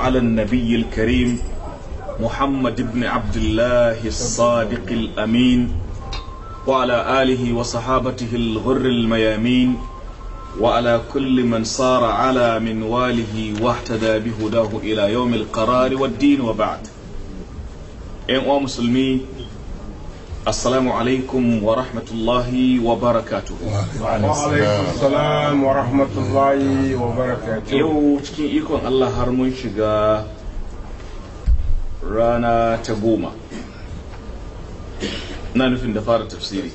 على النبي الكريم محمد بن عبد الله الصادق الأمين وعلى آله وصحابته الغر الميامين وعلى كل من صار على من واله واهتدى بهداه إلى يوم القرار والدين وبعد إن مسلمين Assalamu alaikum wa rahmatullahi wa barakatu. Wa alaikum wa rahmatullahi wa barakatu. Yau cikin ikon Allah har mun shiga rana ta goma. Na nufin da fara tafsiri.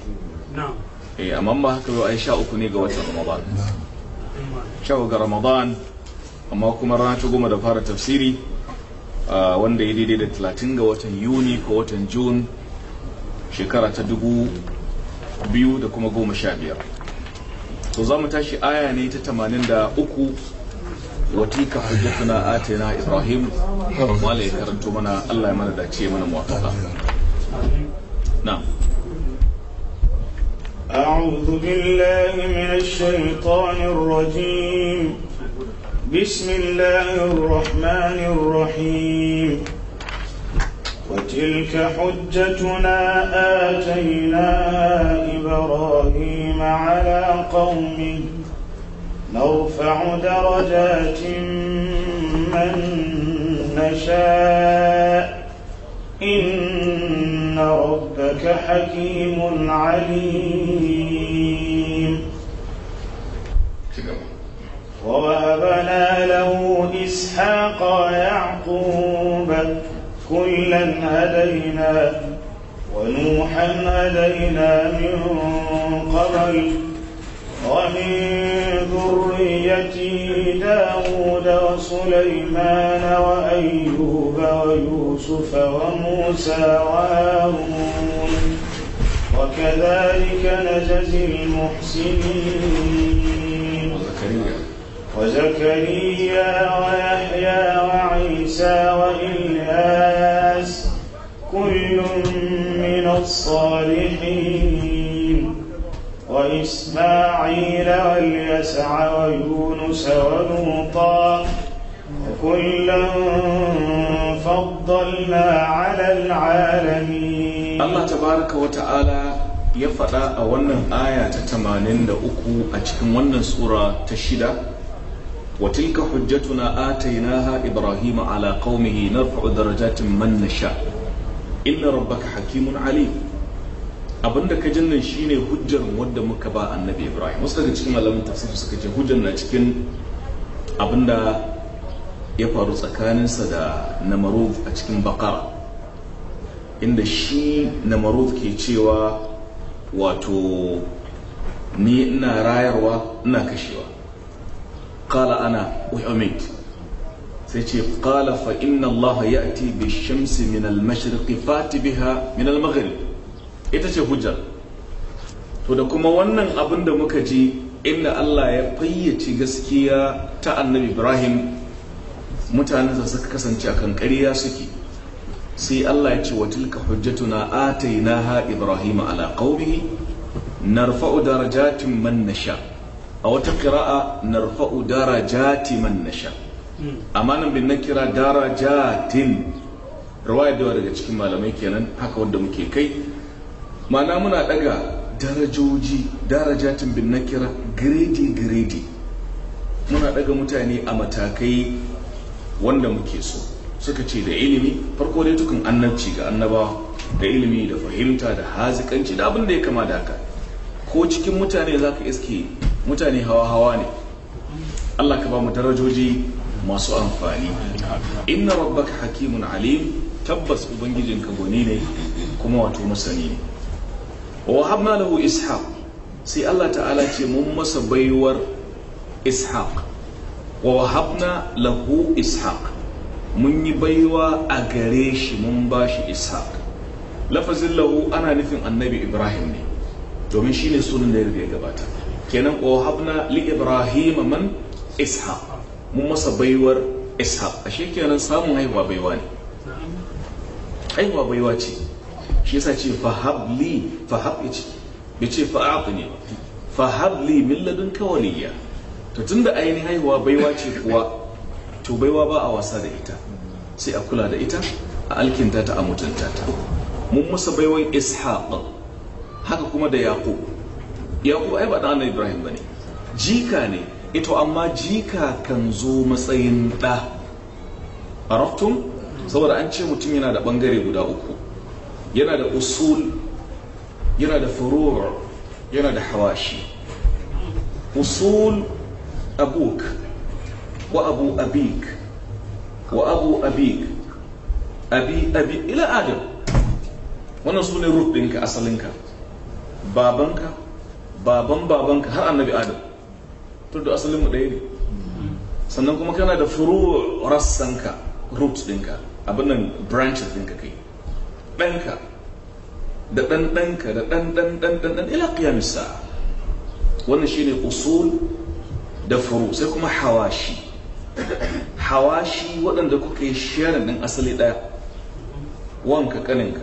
Eh amma ba haka yau ai sha uku ne ga watan Ramadan. Sha ga Ramadan amma kuma rana ta goma da fara tafsiri ah, wanda ya daidai da talatin ga watan Yuni ko watan June shekara ta dubu biyu da kuma goma sha biyar to za mu tashi aya ne ta tamanin da uku watika hujjatuna atina ibrahim wala ya karanto mana allah ya mana dace mana muwafaka na'am أعوذ بالله من الشيطان الرجيم بسم الله الرحمن الرحيم وتلك حجتنا آتينا إبراهيم على قومه نرفع درجات من نشاء إن ربك حكيم عليم ووهبنا له إسحاق ويعقوب كلا هدينا ونوحا هدينا من قبل ومن ذريته داود وسليمان وأيوب ويوسف وموسى وهارون وكذلك نجزي المحسنين وزكريا وزكريا ويحيى وعيسى وإلياس كل من الصالحين وإسماعيل واليسع ويونس ولوطا وكلا فضلنا على العالمين الله تبارك وتعالى يفعل faɗa آية wannan aya ta 83 a cikin وتلك حجتنا آتيناها إبراهيم على قومه نرفع درجات من نشاء إن ربك حكيم عليم abin da ka shi shine hujjar wadda muka ba annabi ibrahim wasu daga cikin malamin tafsir suka ce hujjar na cikin abin da ya faru tsakaninsa da namaruf a cikin bakara inda shi namaruf ke cewa wato ni ina rayarwa ina kashewa qala ana uhumid sai ce qala fa inna allaha ya'ti bi shamsi min al mashriqi fati biha min al maghrib ita ce hujjar to da kuma wannan abin da muka ji inda Allah ya fayyace gaskiya ta annabi Ibrahim mutanensa suka kasance akan ƙarya suke sai Allah ya ce wa tilka hujjatuna atainaha Ibrahim ala qaumihi narfa'u darajatin man nasha' a wata kira'a narfa'u jati man nasha hmm. amma na bin dara darajatin rawaya da daga cikin malamai kenan haka wanda muke kai Mana muna daga darajoji darajatin bin na kira gredi gredi muna daga mutane a matakai wanda muke so suka ce da ilimi farko dai tukun annabci ga annaba. da ilimi da fahimta da hazikanci da abin da ya kama da haka ko cikin mutane za ka iske mutane hawa-hawa ne Allah ka ba mu darajoji masu amfani inna rabbaka hakimun alim tabbas ubangijinka goni ne kuma wato masani ne wa habna lahu ishaq sai Allah ta'ala ce mun masa baiwar ishaq wa habna lahu ishaq mun yi baiwa a gare shi mun ba shi ishaq lafazin lahu ana nufin annabi ibrahim ne domin shine sunan da ya gabata kenan wahabna li ibrahim man isha mun masa baiwar isha ashe kenan samun haihuwa baiwa ne haihuwa baiwa ce shi yasa ce fahab li fahab ce bai ce fa'aq ne ba fahab li min ladunka waliya to tunda ainihin haihuwa baiwa ce kuwa to baiwa ba a wasa da ita sai a kula da ita a alkinta ta a mutunta ta mun masa baiwan ishaq haka kuma da yaqub yaƙub ai ba ɗan ibrahim ba ne jika ne ito amma jika kan zo matsayin da. araftum saboda an ce mutum yana da bangare guda uku yana da usul yana da furur yana da hawashi usul abuk wa abu abik wa abu abik abi abi ila adam wannan su ne ruf ɗinka asalinka babanka baban baban ka har annabi adam to da asalin mu ɗaya ne sannan kuma kana da furu rassanka root ɗinka abin nan branches ɗinka kai ɗanka da ɗan ɗanka da ɗan ɗan ɗan ɗan ɗan ila qiyamisa. wannan shine usul da furu sai kuma hawashi hawashi waɗanda kuka yi sharing ɗin asali ɗaya wanka kaninka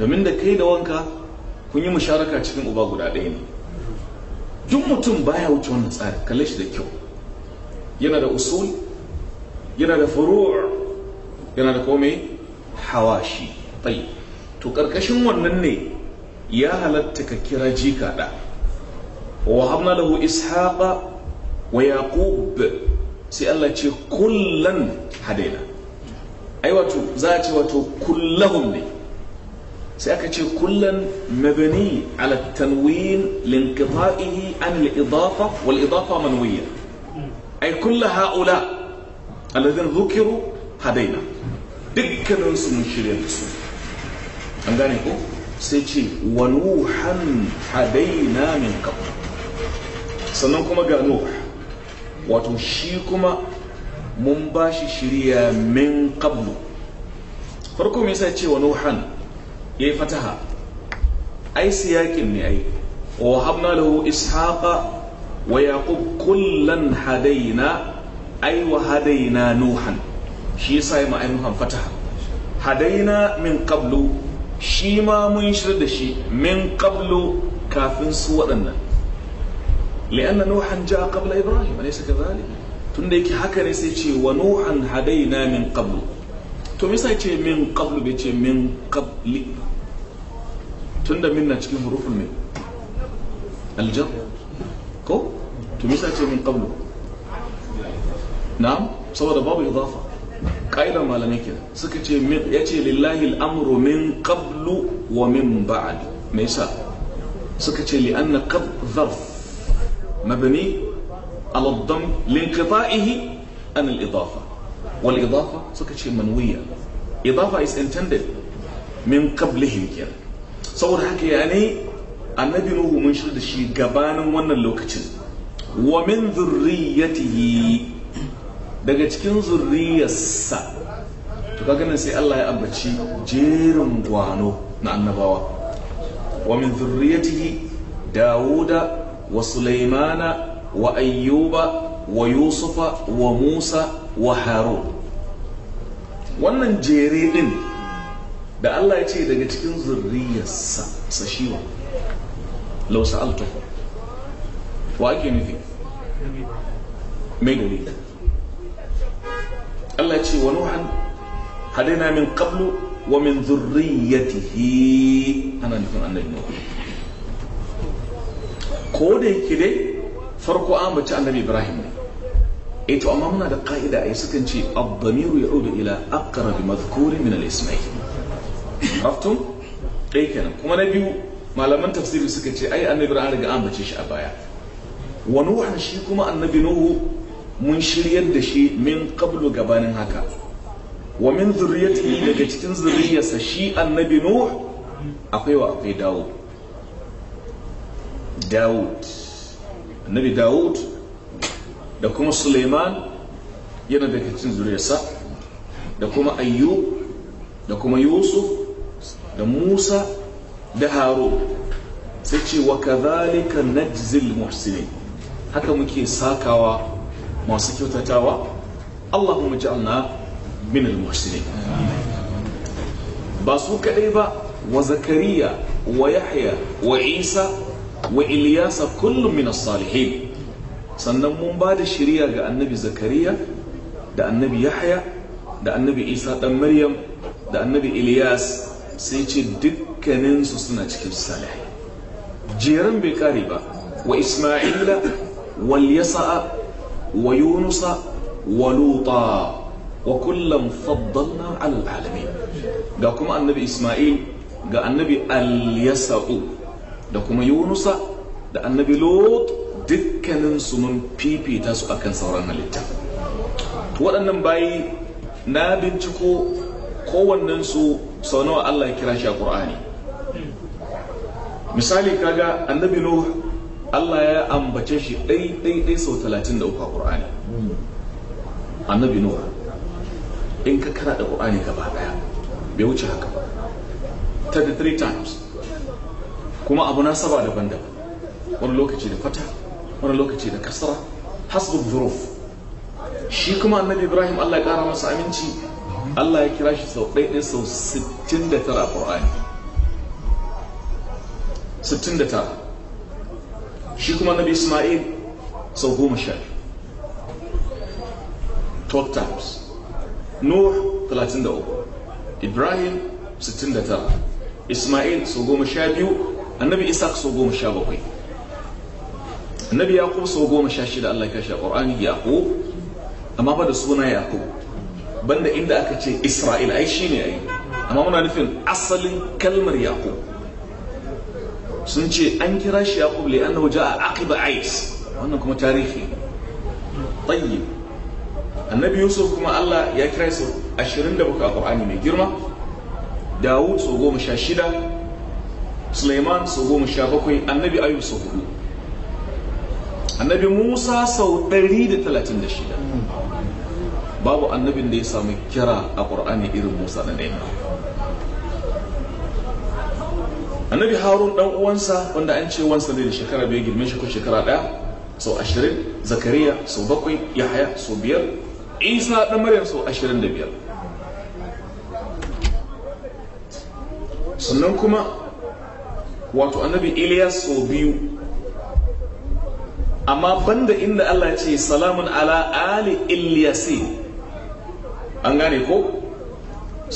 domin da kai da wanka kun yi musharaka cikin uba guda ɗaya ne duk mutum baya wuce wannan tsari kalle shi da kyau yana da usul yana da furu' yana da komai hawashi bai to ƙarƙashin wannan ne ya halatta ka kira jika da wa habna lahu ishaqa wa yaqub sai Allah ce kullan hadaina ai wato za a ce wato kullahum ne sai aka ce kullum mabani ala tanwin linqita'ihi an al-idafa wal idafa manwiya ay kullu haula alladhin dhukiru hadaina dukkanin su mun shirya da su an gane ko sai ce wa nuhan hadaina min qabl sannan kuma ga nuh wato shi kuma mun bashi shirya min qablu farko me yasa ce wa nuhan yayi fataha ai siyakin ne ai wa habna lahu ishaqa wa yaqub kullan hadaina ai wa hadaina nuhan shi yasa ya ma nuhan fataha hadaina min qablu shi ma mun shirya da shi min qablu kafin su waɗannan li'anna nuhan ja'a qabla ibrahim alaysa kadhalik tunda yake haka ne sai ce wa nuhan hadaina min qablu to me yasa ce min qablu bai ce min qabli Tunda min minna cikin hurufin ne aljar ko to misa ce min qablu na'am saboda babu idafa kaidan malamai kenan suka ce ya ce lillahi al'amru min qablu wa min ba'd me yasa suka ce li anna qad zarf mabni ala dam linqita'ihi an al-idafa wal idafa suka ce manwiya idafa is intended min qablihim kenan saboda haka ya ne annabi nuhu mun shirya da shi gabanin wannan lokacin wa min zurriyatihi daga cikin zurriyarsa to kaga nan sai Allah ya ambaci jerin gwano na annabawa wa min zurriyatihi dawuda wa sulaimana wa ayyuba wa yusufa wa musa wa harun wannan jere din da Allah ya ce daga cikin zurriyarsa sashiwa lau sa'altu wa ake nufi mai dalili Allah ya ce wa nuhan hadaina min qablu wa min zurriyatihi ana nufin annabi nuhu ko da yake dai farko an bace annabi ibrahim ne eh to amma muna da ka'ida ai sukan ce ad-damiru ya'udu ila aqrabi madhkurin min al-ismail khaftum dai kenan kuma na biyu malaman tafsiri suka ce ai annabi ran riga an bace shi a baya Wani nuhan shi kuma annabi nuhu mun shiryar da shi min qablu gabanin haka wa min zurriyatihi daga cikin zurriyarsa shi annabi nuhu? akwai wa akwai dawud dawud annabi dawud da kuma suleiman yana daga cikin zuriyarsa da kuma ayyub da kuma yusuf da musa da haro sai ce wa kazalika najzil muhsinin haka muke sakawa masu kyautatawa allahumma ja'alna min al muhsinin ba su kadai ba wa zakariya wa yahya wa isa wa ilyasa kullum min as-salihin sannan mun ba da shirya ga annabi zakariya da annabi yahya da annabi isa dan maryam da annabi ilyas sai ce dukkaninsu suna cikin salihai jerin bai kare ba wa isma'ila wal yasa'a wa yunusa wa luta wa kullum faddalna ga kuma annabi isma'il ga annabi al yasa'u da kuma yunusa da annabi lut dukkaninsu mun fifita su akan sauran halitta waɗannan bayi na binciko kowannen su sau nawa Allah ya kira shi a Qur'ani misali kaga annabi Nuh Allah ya ambace shi ɗai ɗai ɗai sau uku a Qur'ani annabi Nuh in ka kara da Qur'ani gaba ɗaya bai wuce haka ba 33 times kuma abu na saba daban-daban wani lokaci da fata wani lokaci da kasara hasbu zuruf shi kuma annabi Ibrahim Allah ya kara masa aminci Allah ya kira shi sau ɗaiɗe sau 69 a ƙur'ani 69 shi kuma nabi ismail sau goma sha 12 times nuh 33 ibrahim 69 ismail sau goma sha biyu annabi isa sau goma sha bakwai annabi yaqub sau goma sha shida Allah ya kashi a ƙur'ani yaqub amma ba da suna yaqub banda inda aka ce isra'il ai shi ne ai amma muna nufin asalin kalmar yaqub sun ce an kira shi yaqub li annahu ja'a aqiba ais wannan kuma tarihi tayyib annabi yusuf kuma Allah ya kira su 27 a qur'ani mai girma dawud su goma sha shida suleiman su goma sha bakwai annabi ayub su hudu annabi musa sau 136 babu annabin da ya samu kira a ƙur'ani irin musa na ɗaya annabi harun ɗan uwansa wanda an ce wansa ne da shekara biyu girme shi ko shekara ɗaya sau ashirin zakariya sau bakwai yahaya sau biyar isa ɗan maryam sau ashirin da biyar sannan kuma wato annabi Ilyas sau biyu amma banda inda Allah ce salamun ala ali Ilyasi an gane ko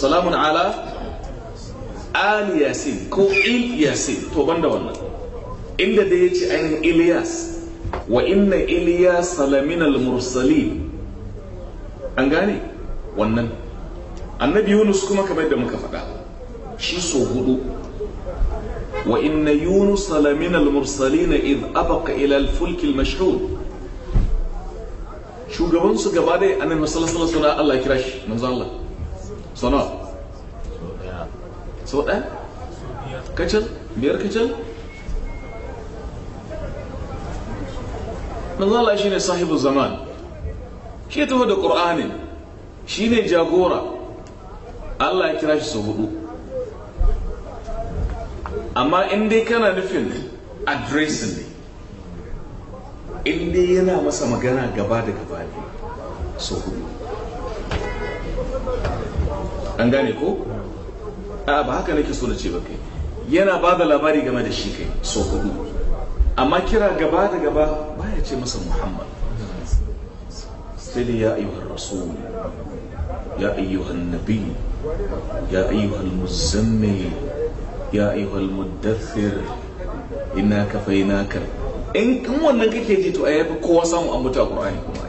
salamun ala ali ko il yasin to banda wannan inda da ya ce ainihin ilyas wa inna ilyas salamin al-mursalin an gane wannan annabi yunus kuma kamar da muka faɗa shi so hudu wa inna yunus salamin al-mursalin idh abaqa ila al-fulk al-mashhud shugabansu gaba dai annabi sallallahu alaihi wasallam Allah ya kira shi manzo Allah sana so ɗaya kacal biyar kacal manzo Allah shine sahibu zaman shi taho da qur'ani shine jagora Allah ya kira shi sau hudu amma in dai kana nufin addressing in dai yana masa magana gaba da gaba ne so hudu an gane ko a ba haka nake so na ce bakai. kai yana ba da labari game da shi kai so hudu amma kira gaba da gaba baya ce masa muhammad sai ya ayyuhar rasul ya ayyuhar nabi ya ayyuhar muzammil ya ayyuhar muddathir ina kafainaka in wannan kake ji to ai kowa samu an mutu a qur'ani kuma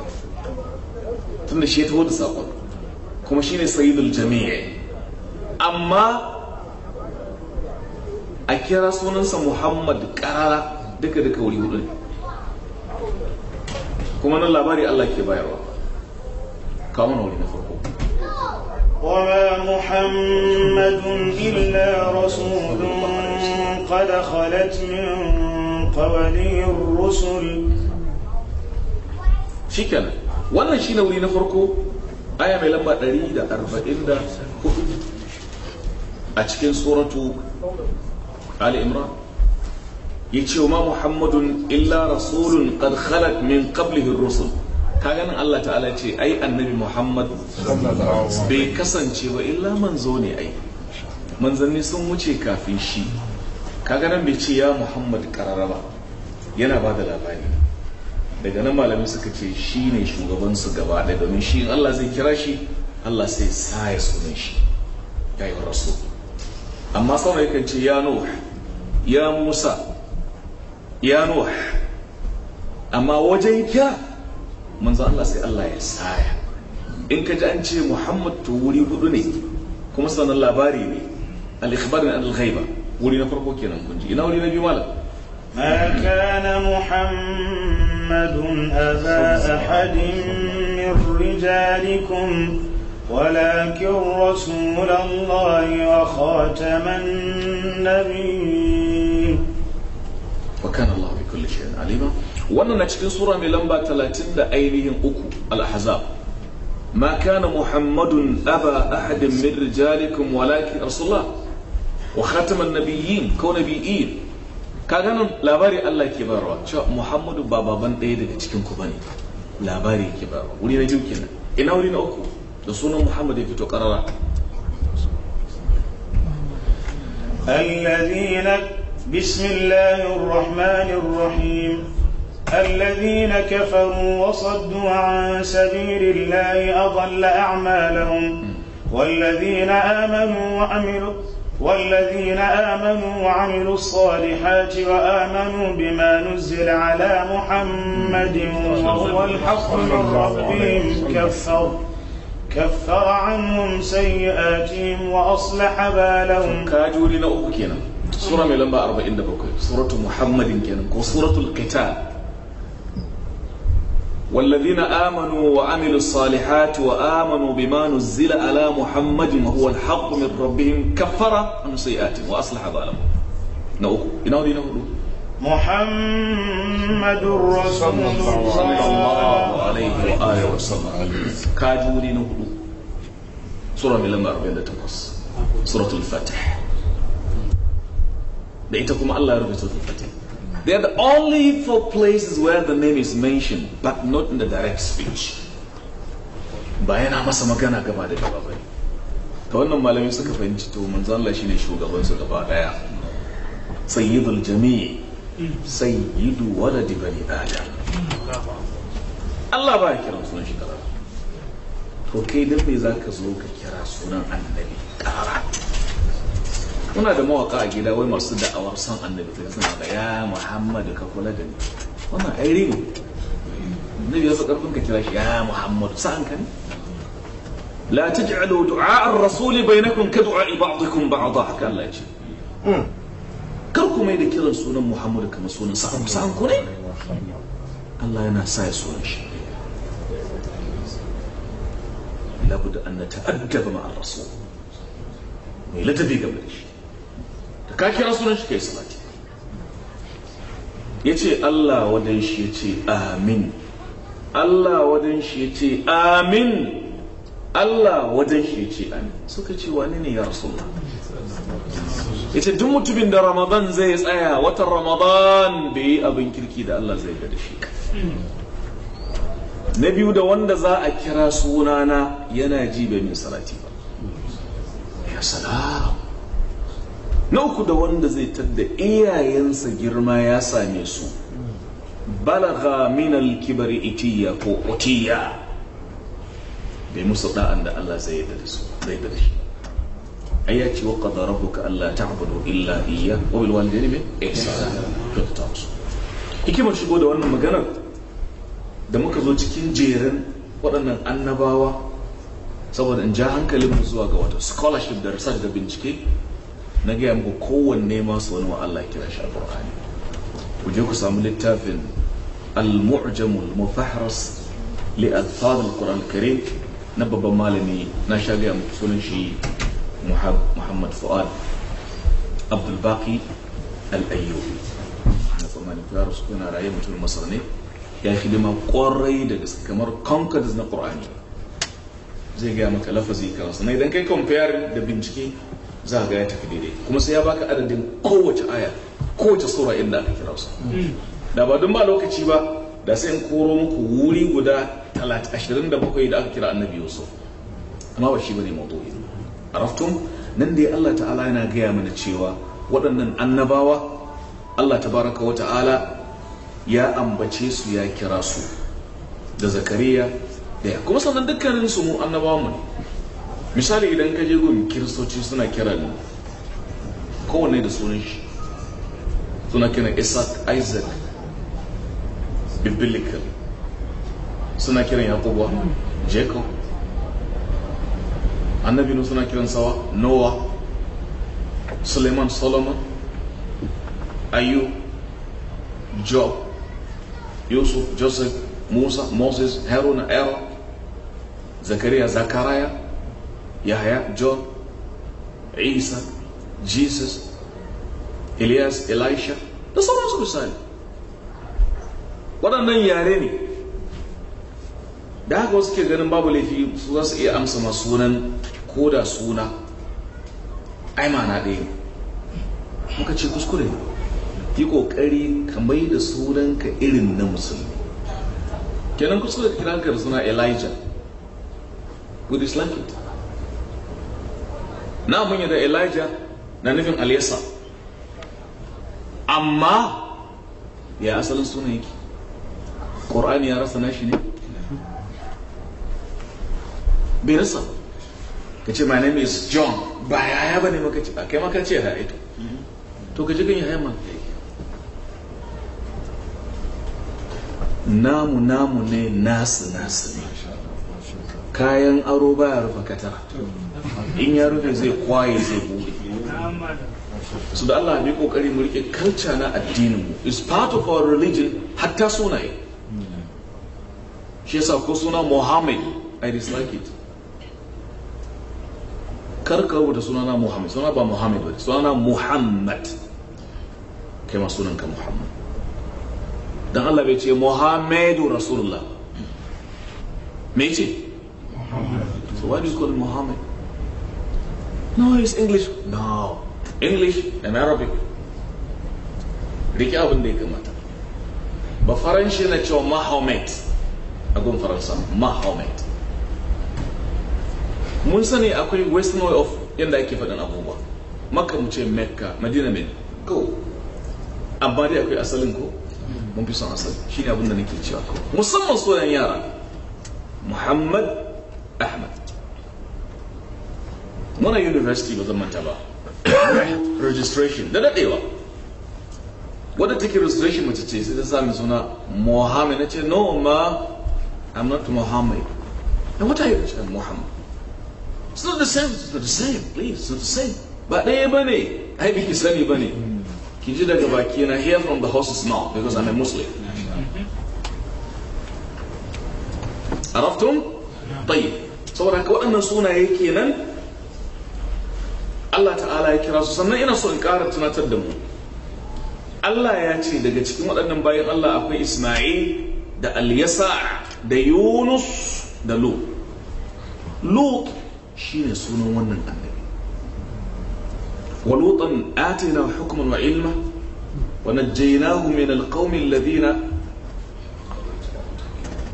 tunda shi ya taho da sakon kuma shine sayyidul jami'i amma a kira sunansa muhammad karara duka duka wuri hudu kuma nan labari allah ke bayarwa kawo na wuri na farko وما محمد إلا رسول قد خلت من وصدق ولي الرسل شكرا wannan shi ne wuri na farko aya mai lamba 144 a cikin suratu ali imran yace ma muhammadun illa rasulun qad khalat min qablihi ar-rusul kaga nan Allah ta'ala ce ai annabi muhammad bai kasance ba illa manzo ne ai manzanni sun wuce kafin shi kaga nan bai ce ya muhammad karara ba yana ba da labari daga nan malamai suka ce shi ne shugabansu gaba ɗaya domin shi allah zai kira shi allah sai sa ya sunan shi ya yi rasu amma sauran yakan ce ya nuh ya musa ya nuh amma wajen kira manzo allah sai allah ya saya in ka ji an ce muhammad to wuri hudu ne kuma sanan labari ne al-ikhbar min al-ghaiba ولينا فرقو كينا مكنجي إنا ولينا جوالا ما كان محمد أبا أحد من رجالكم ولكن رسول الله وخاتم النبي وكان الله بكل شيء عليما وانا نشكي سورة من لمبا تلاتين دا أكو الأحزاب ما كان محمد أبا أحد من رجالكم ولكن رسول الله وخاتم النبيين كون نبيين كاغان لاباري الله كبار تشا محمد بابا بن داي دغه cikin ku bane labari kibar wuri na jukin ina wuri na محمد ya fito karara الذين بسم الله الرحمن الرحيم الذين كفروا وصدوا عن سبيل الله اضل اعمالهم والذين امنوا وعملوا والذين آمنوا وعملوا الصالحات وآمنوا بما نزل على محمد وهو الحق من ربهم كفر كفر عنهم سيئاتهم وأصلح بالهم كاجوري na uku kenan sura mai lamba 47 suratu muhammadin kenan ko suratul والذين آمنوا وعملوا الصالحات وآمنوا بما نزل على محمد وهو الحق من ربهم كفر عن سيئاتهم وأصلح ظالمهم نوكو إنه دي نوكو محمد رسول الله صلى الله عليه وآله وسلم كاجوري نوكو سورة من لما أربعين تقص سورة الفتح بإيتكم الله سورة الفتح They are the only four places where the name is mentioned, but not in the direct speech. Ba yana masa magana gaba da gaba ba Ta wannan malami suka fahimci to manzon Allah shine shugaban su gaba daya. Sayyidul jami'i, sayyidu waladi bani adam. Allah ba ya kira sunan shi kara. To kai dan me zaka zo ka kira sunan annabi kara? muna da mawaka a gida wai masu da'awar son annabi sai suna da ya muhammadu ka kula da ni wannan ai rigo annabi ya karfin ka kira shi ya muhammadu sa'an ka ne la taj'alu du'a ar-rasul bainakum ka du'a ba'dikum ba'dha haka Allah ya ce kar ku mai da kiran sunan muhammadu kamar sunan sa'an sa'an ku ne Allah yana sa ya sunan shi لابد أن نتأدب مع الرسول لتبي قبل شيء ka kira sunan shi yi salati ya ce Allah wadan shi ya ce amin Allah wadan shi ya ce amin Allah wadan shi ya ce amin suka ce wani ne ya rasulullah ya ce duk mutumin da ramadan zai tsaya watan ramadan bai yi abin kirki da Allah zai gada shi na biyu da wanda za a kira sunana yana ji bai min salati ba ya salam na uku da wanda zai tadda iyayensa girma ya same su balaga min alkibari itiya ko otiya bai musu da'an da Allah zai yarda da su zai da shi ai ya ce wa qada rabbuka alla ta'budu illa iya. wa bil walidayni mai ihsan to ta musu hikimar shigo da wannan maganar da muka zo cikin jerin waɗannan annabawa saboda in ja hankalin mu zuwa ga wata scholarship da research da bincike na gaya muku kowanne masu wani wa Allah kira shi alƙur'ani ku je ku samu littafin al-mu'jamul mufahras li alfaz al-qur'an karim na babban malami na sha gaya muku sunan shi Muhammad Fuad Abdul Baqi al-Ayyubi na tsammanin ku yaro su kuna raye mutum masar ne ya hidima kwarai da gaske kamar concords na qur'ani zai gaya maka lafazi kansa na idan kai compare da bincike za ga ya tafi daidai kuma sai ya baka adadin kowace aya kowace sura inda aka kira su da ba don ba lokaci ba da sai in koro muku wuri guda 27 da aka kira annabi yusuf amma ba shi bane mawdu'i araftum nan da ya Allah ta'ala yana gaya mana cewa waɗannan annabawa Allah tabaraka wa ta'ala ya ambace su ya kira su da zakariya da kuma sannan dukkanin su mu annabawa mu ne misali idan ka je gun kiristoci suna kiran kowane da sunan shi suna kira isaac isaac biblical suna kiran yakubu jacob annabi nu suna kiran sawa noah suleiman solomon ayu job yusuf joseph musa moses haruna aaron zakariya zakaraya Yahya, John, Isa, Jesus, Elias, Elisha da sauransu misali waɗannan yare ne da haka wasu ke ganin babu laifi su za su iya amsa masu sunan ko da suna ai mana ɗaya muka ce kuskure yi ƙoƙari ka mai da sunanka irin na musulmi kenan kuskure ka kira ka da suna elijah would you na mun yi da elijah na nufin alisa amma ya asalin suna yake ƙorani ya rasa nashi ne bai rasa ka ce my name is john ba yaya ba ne maka ce ba kai maka ce ya ito to ka ji kan yi haima namu namu ne nasu nasu ne kayan aro baya rufa katara in ya rufe zai kwaye zai bude su da Allah mai kokari mu rike kalca na addinin mu is part of our religion hatta sunaye shi yasa ko suna Muhammad I dislike it kar ka suna sunana Muhammad suna ba Muhammad ba sunana Muhammad kai ma ka Muhammad dan Allah bai ce Muhammadu Rasulullah me ce so why do you call him Muhammad no it's english no english and arabic rike abin da ya kamata ba faranshi na cewa mahomet a gun faransa mahomet mun sani akwai western way of yadda ake faɗin abubuwa maka mu ce mecca madina Men. go amma dai akwai asalin ko mun fi son asali shine abin da nake cewa musamman sunan yara muhammad ahmad muna university was a manta registration da dadewa wadda take registration mace ce sai ta sami suna mohammed na ce no ma i'm not Muhammad. and what are you saying uh, Muhammad. it's not the same it's not the same please it's not the same But they ba ne ai biki sani ba ne ki ji daga baki na hear from the horses mouth because i'm a muslim عرفتم؟ طيب saboda haka waɗannan sunaye kenan Allah ta'ala ya kira su sannan ina so in ƙara tunatar da mu Allah ya ce daga cikin waɗannan bayan Allah akwai Ismail da Alyasa da Yunus da Lut Lut shine sunan wannan annabi wa lutan atina hukman wa ilma wa najjaynahu min alqawmi alladhina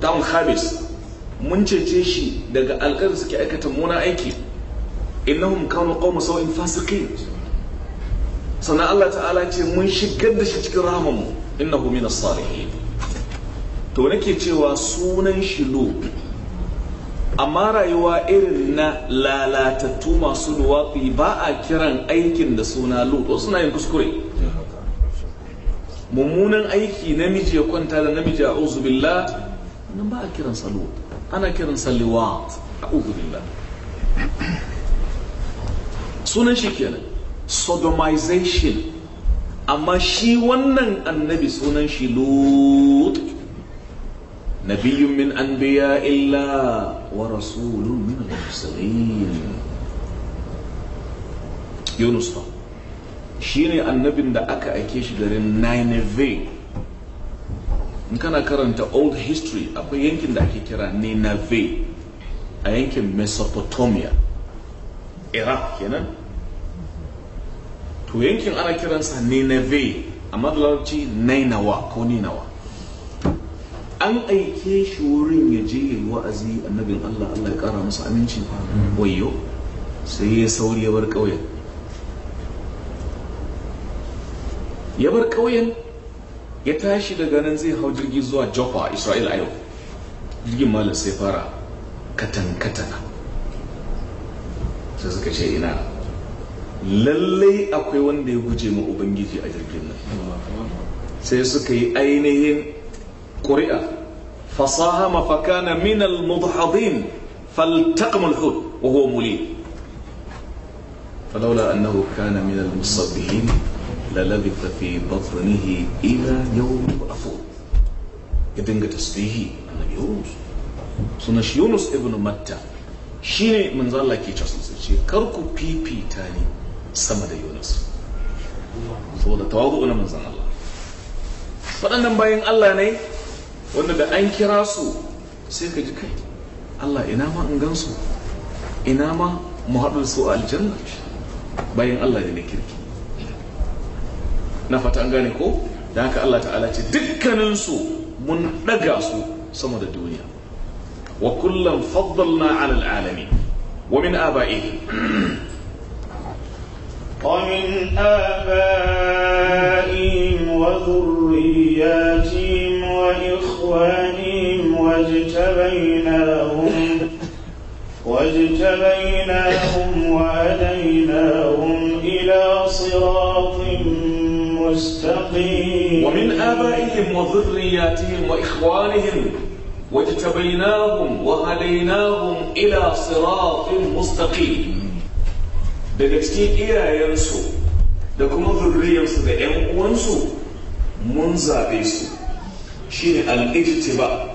ta'un khabis mun cece shi daga alƙar suke aikata muna aiki innahum kanu qawma sawin fasiqin sannan Allah ta'ala ce mun shigar da shi cikin rahamanmu innahu minas salihin to nake cewa sunan shi lo amma rayuwa irin na lalatattu masu luwafi ba a kiran aikin da suna lut wasu yin kuskure mummunan aiki namiji ya kwanta da namiji a uzubillah nan ba a kiransa lut ana kiransa liwat a uzubillah sunan shi kenan sodomization amma shi wannan annabi sunan shi lut nabiyyun min anbiya illa wa rasulun min al-mursalin yunus fa shine annabin da aka aike shi garin nineve in kana karanta old history akwai yankin da ake kira nineve a yankin mesopotamia iraq kenan to yankin ana kiransa na amma a larabci nainawa ko ninawa an aike shi wurin ya je yi wa'azi annabin allah allah ya kara masa aminci wayo sai ya sauri ya bar ƙauyen ya bar ƙauyen ya tashi daga nan zai hau jirgi zuwa joppa isra'il a yau jirgin malar sai fara katan katana sai suka ce ina lallai akwai wanda ya guje ma ubangiji a jirgin nan sai suka yi ainihin ƙuri'a fasaha mafaka na minal mudhadin faltaqmul hud wa huwa muli falawla annahu kana minal musabbihin lalabitha fi batnihi ila yawm afu idan ga tasbihi annabi yunus sunan shi yunus ibn matta shine manzo Allah ke cewa sai kar ku fifita ni. sama da yunus saboda tawazu na manzan Allah waɗannan bayan Allah ne wanda da an kira su sai ka ji kai Allah ina ma in gansu ina ma mu haɗu su a aljanna bayan Allah ne na kirki na fata an gane ko da haka Allah ta'ala ce dukkaninsu mun ɗaga su sama da duniya wa kullum faddalna alal alami wa min aba'ihim ومن آبائهم وذرياتهم وإخوانهم واجتبيناهم واجتبيناهم وهديناهم إلى صراط مستقيم ومن آبائهم وذرياتهم وإخوانهم واجتبيناهم وهديناهم إلى صراط مستقيم daga cikin iyayensu da kuma zurriyarsu da 'yan uwansu mun zaɓe su shine al-ijtiba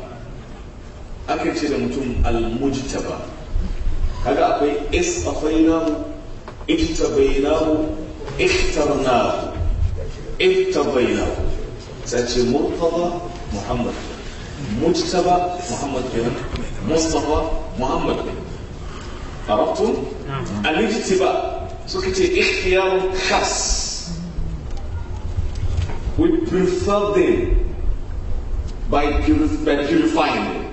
aka ce da mutum al-mujtaba kaga akwai is akwai namu ijtabainahu ikhtarnahu ijtabainahu sai ce murtaba muhammad mujtaba muhammad kenan mustafa muhammad arabtum al-ijtiba suka ce ikhtiyarun khas we prefer them by, purifying them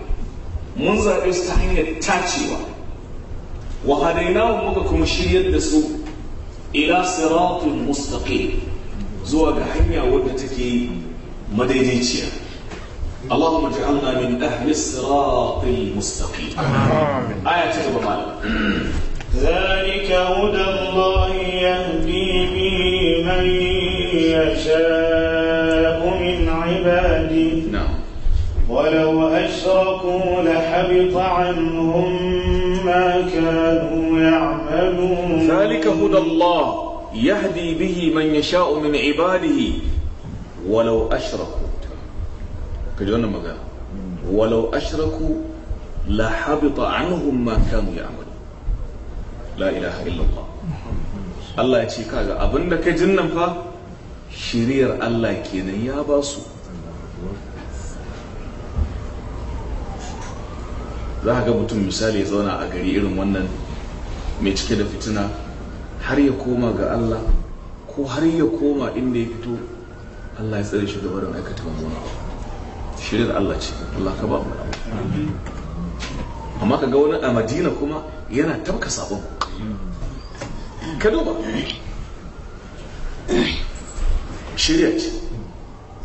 mun zaɓe su ta hanyar tacewa wa hadainahu muka kuma shiryar da su ila siratun mustaqim zuwa ga hanya wadda take madaidaiciya اللهم اجعلنا من اهل الصراط المستقيم. امين. آية تبقى ذلك هدى الله يهدي به من يشاء من عباده نعم. ولو أشركوا لحبط عنهم ما كانوا يعملون ذلك هدى الله يهدي به من يشاء من عباده ولو أشركوا كجونا مقال ولو أشركوا لحبط عنهم ما كانوا يعملون la ilaha illallah Allah ya ce kaga abinda ka jin nan fa shiriyar Allah kenan ya ba su za ga mutum misali ya zauna a gari irin wannan mai cike da fitina har ya koma ga Allah ko har ya koma inda ya fito Allah ya tsare shi gaba da aikata mummuna shirin Allah ce Allah ka ba mu amma ka ga wani a Madina kuma yana tabka sabon ka duba shirya ce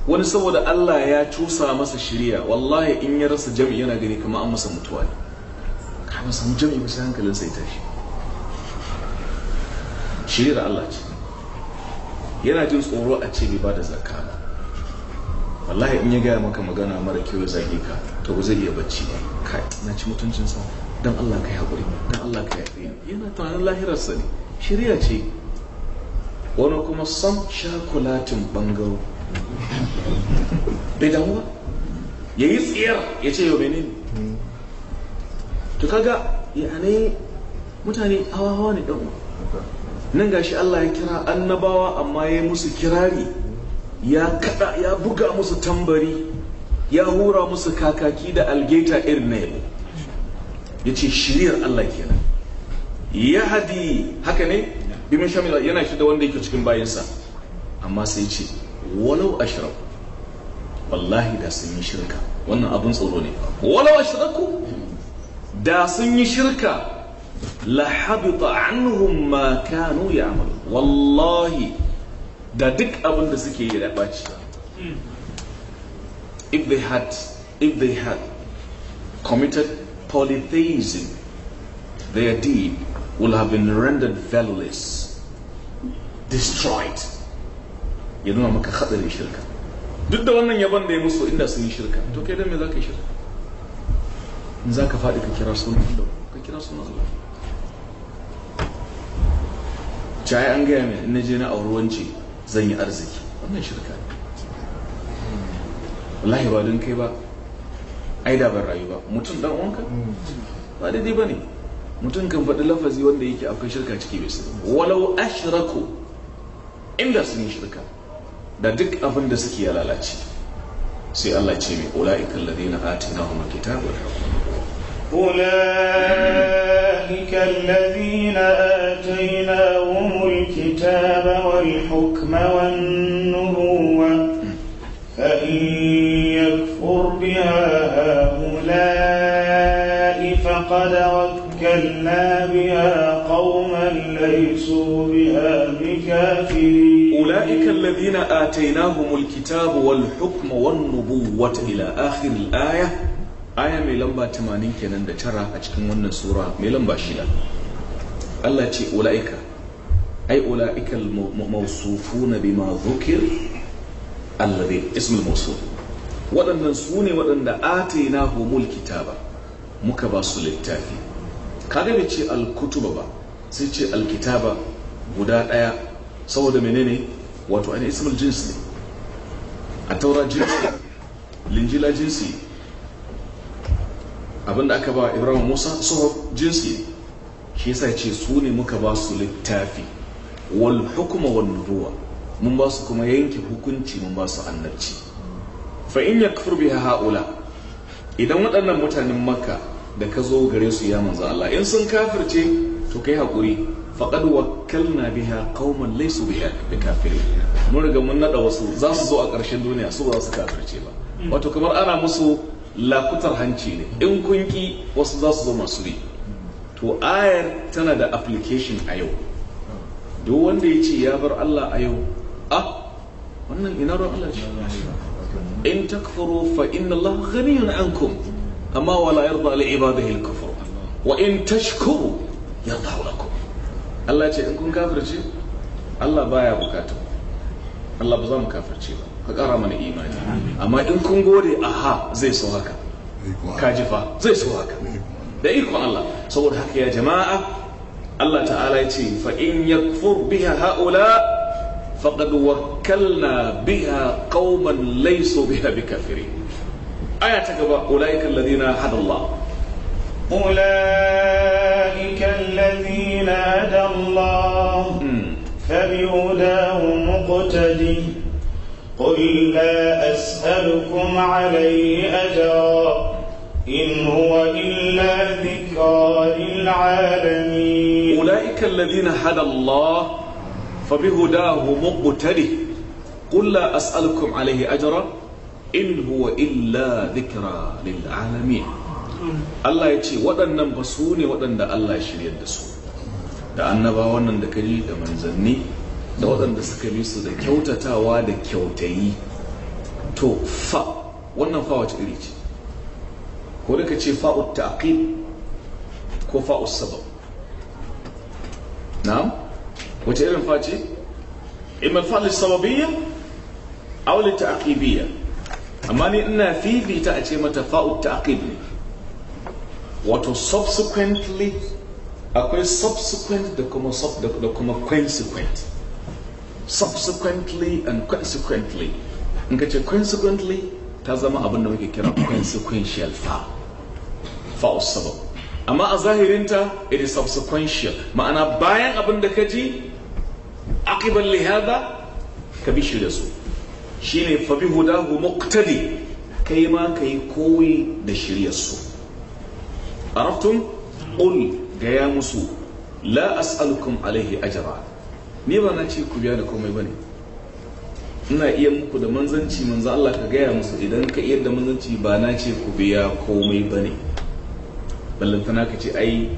wani saboda Allah ya cusa masa shirya wallahi in ya rasa jami'i yana gani kama an masa mutuwa ne kama samu jami'i masu hankalin sai tashi shirya Allah ce yana jin tsoro a ce bai ba da zakka ba wallahi in ya gaya maka magana mara kyau ya zage ka to ba zai iya bacci ba kai na ci mutuncinsa Dan Allah ka yi haƙuri dan Allah ka yi yana tunanin lahirarsa ne shirya ce wani kuma sam shakulatin bangaro bai damuwa. ya yi tsiyar ya ce yau menene to kaga yanai mutane hawa-hawa ne ɗan nan gashi Allah ya kira annabawa amma ya yi musu kirari ya kada ya buga musu tambari ya hura musu kakaki da algeta irin na yabo ya ce shiriyar Allah kenan hadi haka ne bimin min shamila yana shi da wanda yake cikin bayansa amma sai ce walau ashraf wallahi da sun yi shirka wannan abin tsoro ne walau ashraku da sun yi shirka la habita anhum ma kanu ya'malu wallahi da duk abin da suke yi da baci if they had if they had committed polytheism their deed will have been rendered valueless, destroyed. Ya nuna maka haɗarin shirka. Duk da wannan yaban da ya musu inda sun yi shirka, to kai dan me za ka yi shirka? In za ka faɗi ka kira sunan Allah, ka kira sunan Allah. Cayi an gaya min in na je na auri wance zan yi arziki. Wannan shirka ne. Wallahi ba don kai ba, ai da ban rayu ba, mutum dan uwanka? Hmm. Ba daidai ba ne. mutum kan faɗi lafazi wanda yake akwai shirka ciki bai sani walau ashraku inda sun yi shirka da duk abin da suke ya lalace sai Allah ce mai ula'ika alladhina atinahum alkitaba na hukm ula'ika alladhina atinahum alkitaba wal hukma الذين آتيناهم الكتاب والحكم والنبوة إلى آخر الآية آية mai lamba 80 kenan da tara a cikin wannan sura mai lamba shida Allah ce ulaika ai ulaika al-mawsufuna bima dhukir alladhi ismul mawsuf su ne waɗanda atainahumul kitaba muka ba su littafi kaga bai ce al ba sai ce al-kitaba guda ɗaya saboda menene wato an ismul jins ne a taura jinsi linjila jinsi abinda aka ba ibrahim musa suhuf jinsi ke yasa ce su ne muka ba su littafi wal hukuma wal nubuwa mun ba su kuma yanke hukunci mun ba su annabci fa in yakfur biya haula idan waɗannan mutanen makka da ka zo gare su ya manzo Allah in sun kafirce to kai haƙuri faqad wakkalna biha qauman laysu bikafirin mun riga mun nada wasu za su zo a ƙarshen duniya su ba su kafirce ba wato kamar ana musu lakutar hanci ne in kun ki wasu za su zo masu bi to ayar tana da application a yau duk wanda ya ce ya bar Allah a yau ah wannan ina ruwan Allah ce in ta takfuru fa inna Allah ghaniyun ankum amma wala yarda li ibadihi al-kufr wa in tashkuru yarda lakum Allah ce in kun kafirce Allah baya bukatu Allah ba za mu kafirce ba ka kara mana imani amma in kun gode aha zai so haka kajifa zai so haka da ikon Allah saboda haka ya jama'a Allah ta'ala ya ce fa in yakfur biha haula faqad wakkalna biha qauman laysu biha bikafirin aya ta gaba ulaika alladhina hada Allah ulaika alladhina هدى الله فبهداه مقتدي قل لا أسألكم عليه أجرا إن هو إلا ذكرى للعالمين أولئك الذين هدى الله فبهداه مقتدي قل لا أسألكم عليه أجرا إن هو إلا ذكرى للعالمين Allah ya ce waɗannan ba su ne waɗanda Allah shirya da su da annabawan nan da kaji da manzanni da waɗanda suka bi su da kyautatawa da kyautayi to fa wannan fa wace iri ce ko da ka ce fa'ut ta'qib ko fa'u sabab na'am wace irin fa ce Imal fa lis sababiyya aw lit ta'qibiyya amma ni ina fifita a ce mata fa'ut ta'qib ne wato subsequently akwai subsequent da kuma da kuma consequent subsequently and consequently in ka ce consequently ta zama abin da muke kira consequential fa fa usaba amma a zahirinta it is subsequential ma'ana bayan abin da ka ji aqiban li ka bi shi da su shine fa bi hudahu muqtadi kai ma kai koyi da shirya su araftum qul gaya musu la as'alukum alaihi ajra ni ba na ce ku biya da komai bane ina iya muku da manzanci manzo Allah ka gaya musu idan ka iya da manzanci ba na ce ku biya komai bane ballantana ka ce ai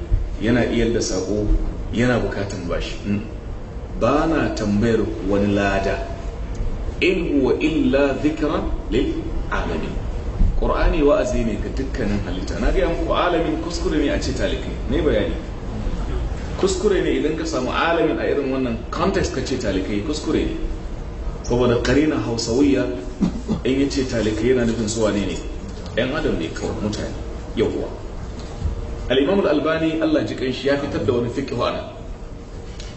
yana iya da sako yana bukatan bashi hmm. ba na tambayar wani lada in huwa illa dhikra lil alamin qur'ani wa'azi ne ga dukkanin halitta na ga yanku alamin kuskure ne a ce talikai ne bayani kuskure ne idan ka samu alamin a irin wannan context ka ce talikai kuskure ne saboda karina hausawiyya in ya ce talikai yana nufin suwa ne ne yan adam ne kawai mutane yawwa al albani Allah ji kanshi ya fitar da wani fiqh ana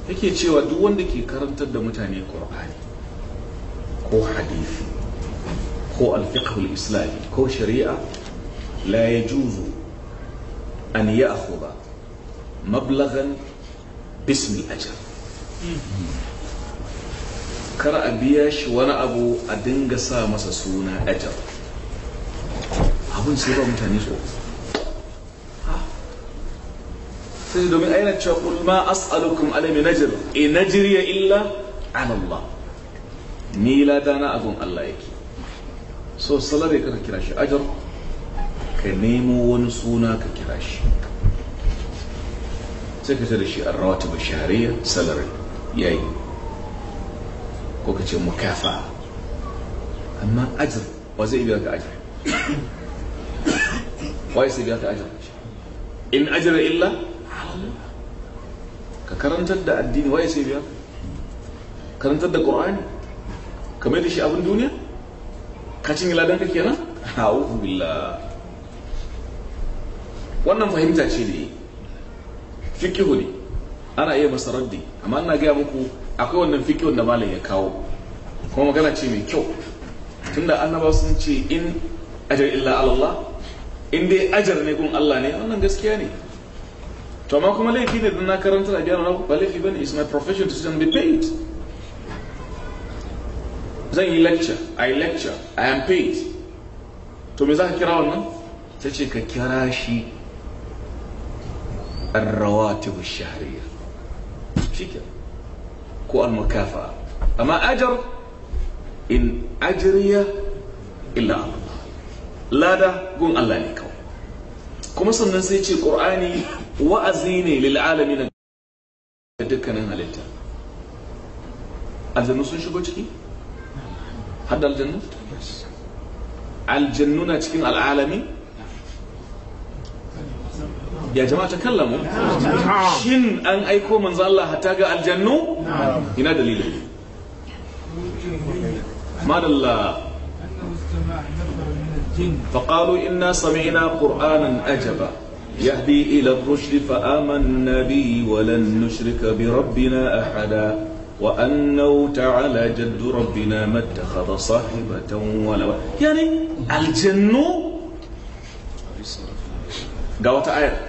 yake cewa duk wanda ke karantar da mutane qur'ani ko hadisi ko alfiqhul islami ko shari'a la juzu an ya'khudha mablagan bismi ajr kar a biya shi wani abu a dinga sa masa suna ajr abun sai mutane domin aina cewa kul as'alukum alaihi najr in najriya illa ala Allah ni ladana abun Allah yake so salari ka kira shi ajar ka nemo wani suna ka kira shi sai ka da shi arrawata bashariya salari yayi ko ka ce mukafa amma ajar wa zai biya ka ajar wa sai biya ka ajar in ajar illa ka karantar da addini wa sai biya karantar da ka kamar da shi abin duniya ka iladen ka kenan a'udhu wannan fahimta ce ne fikihu ne ana iya masa raddi amma ina gaya muku akwai wannan fikihun da malam ya kawo kuma magana ce mai kyau tunda annaba sun ce in ajar illa Allah in dai ajar ne gun Allah ne wannan gaskiya ne to amma kuma laifi ne don na karanta da biyar na ba laifi ne, is my profession to be paid zan yi lecture i lecture i am paid to me za ka kira wannan ta ce ka kira shi arrawatibu shahriya shike ko almukafa amma ajar in ajriya illa Allah lada gun Allah ne kawai kuma sannan sai ce qur'ani wa'azi ne lil alamin da dukkanin halitta aljanu sun shigo ciki هذا الجنة الجنون تكين العالمي يا جماعة تكلموا شن أن أيكو من الله حتى الجنة هنا دليل ما الله فقالوا إنا سمعنا قرآنا أجبا يهدي إلى الرشد فآمنا به ولن نشرك بربنا أحدا وأنه تعالى جد ربنا ما اتخذ صاحبة ولا يعني الجن قوة آية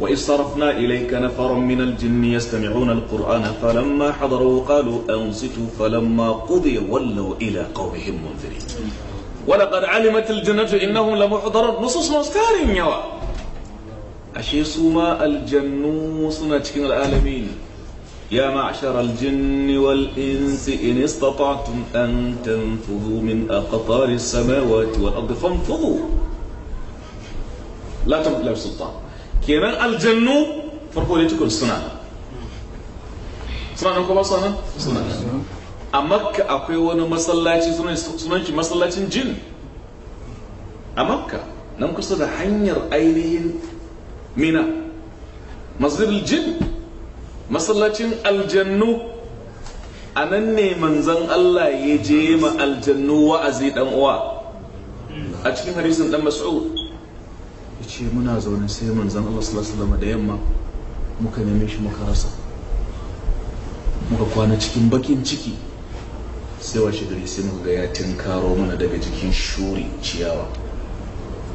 وإذ صرفنا إليك نفرا من الجن يستمعون القرآن فلما حضروا قالوا أنصتوا فلما قضي ولوا إلى قومهم منذرين ولقد علمت الجنة إنهم لمحضر نصوص مستار يوا أشي سوما الجنو سنة العالمين يا معشر الجن والإنس إن استطعتم أن تنفذوا من أقطار السماوات والأرض فانفضوا لا تملك له سلطان كمان الجن فرقوا لي تكون صناعة صناعة نقوم بصنا صناعة أمك أقوى مسلاتي صناعة صناعة مسلاتي جن أمك نمكسر حنير أيديهن من مصدر الجن masallacin aljannu a nan ne manzan Allah ya je ma aljannu wa'azi dan uwa a cikin hadisin dan mas'ud ya ce muna zaune sai manzan Allah sallallahu da yamma muka neme shi muka rasa muka kwana cikin bakin ciki sai washe gari sai muka ga ya tinkaro mana daga jikin shuri ciyawa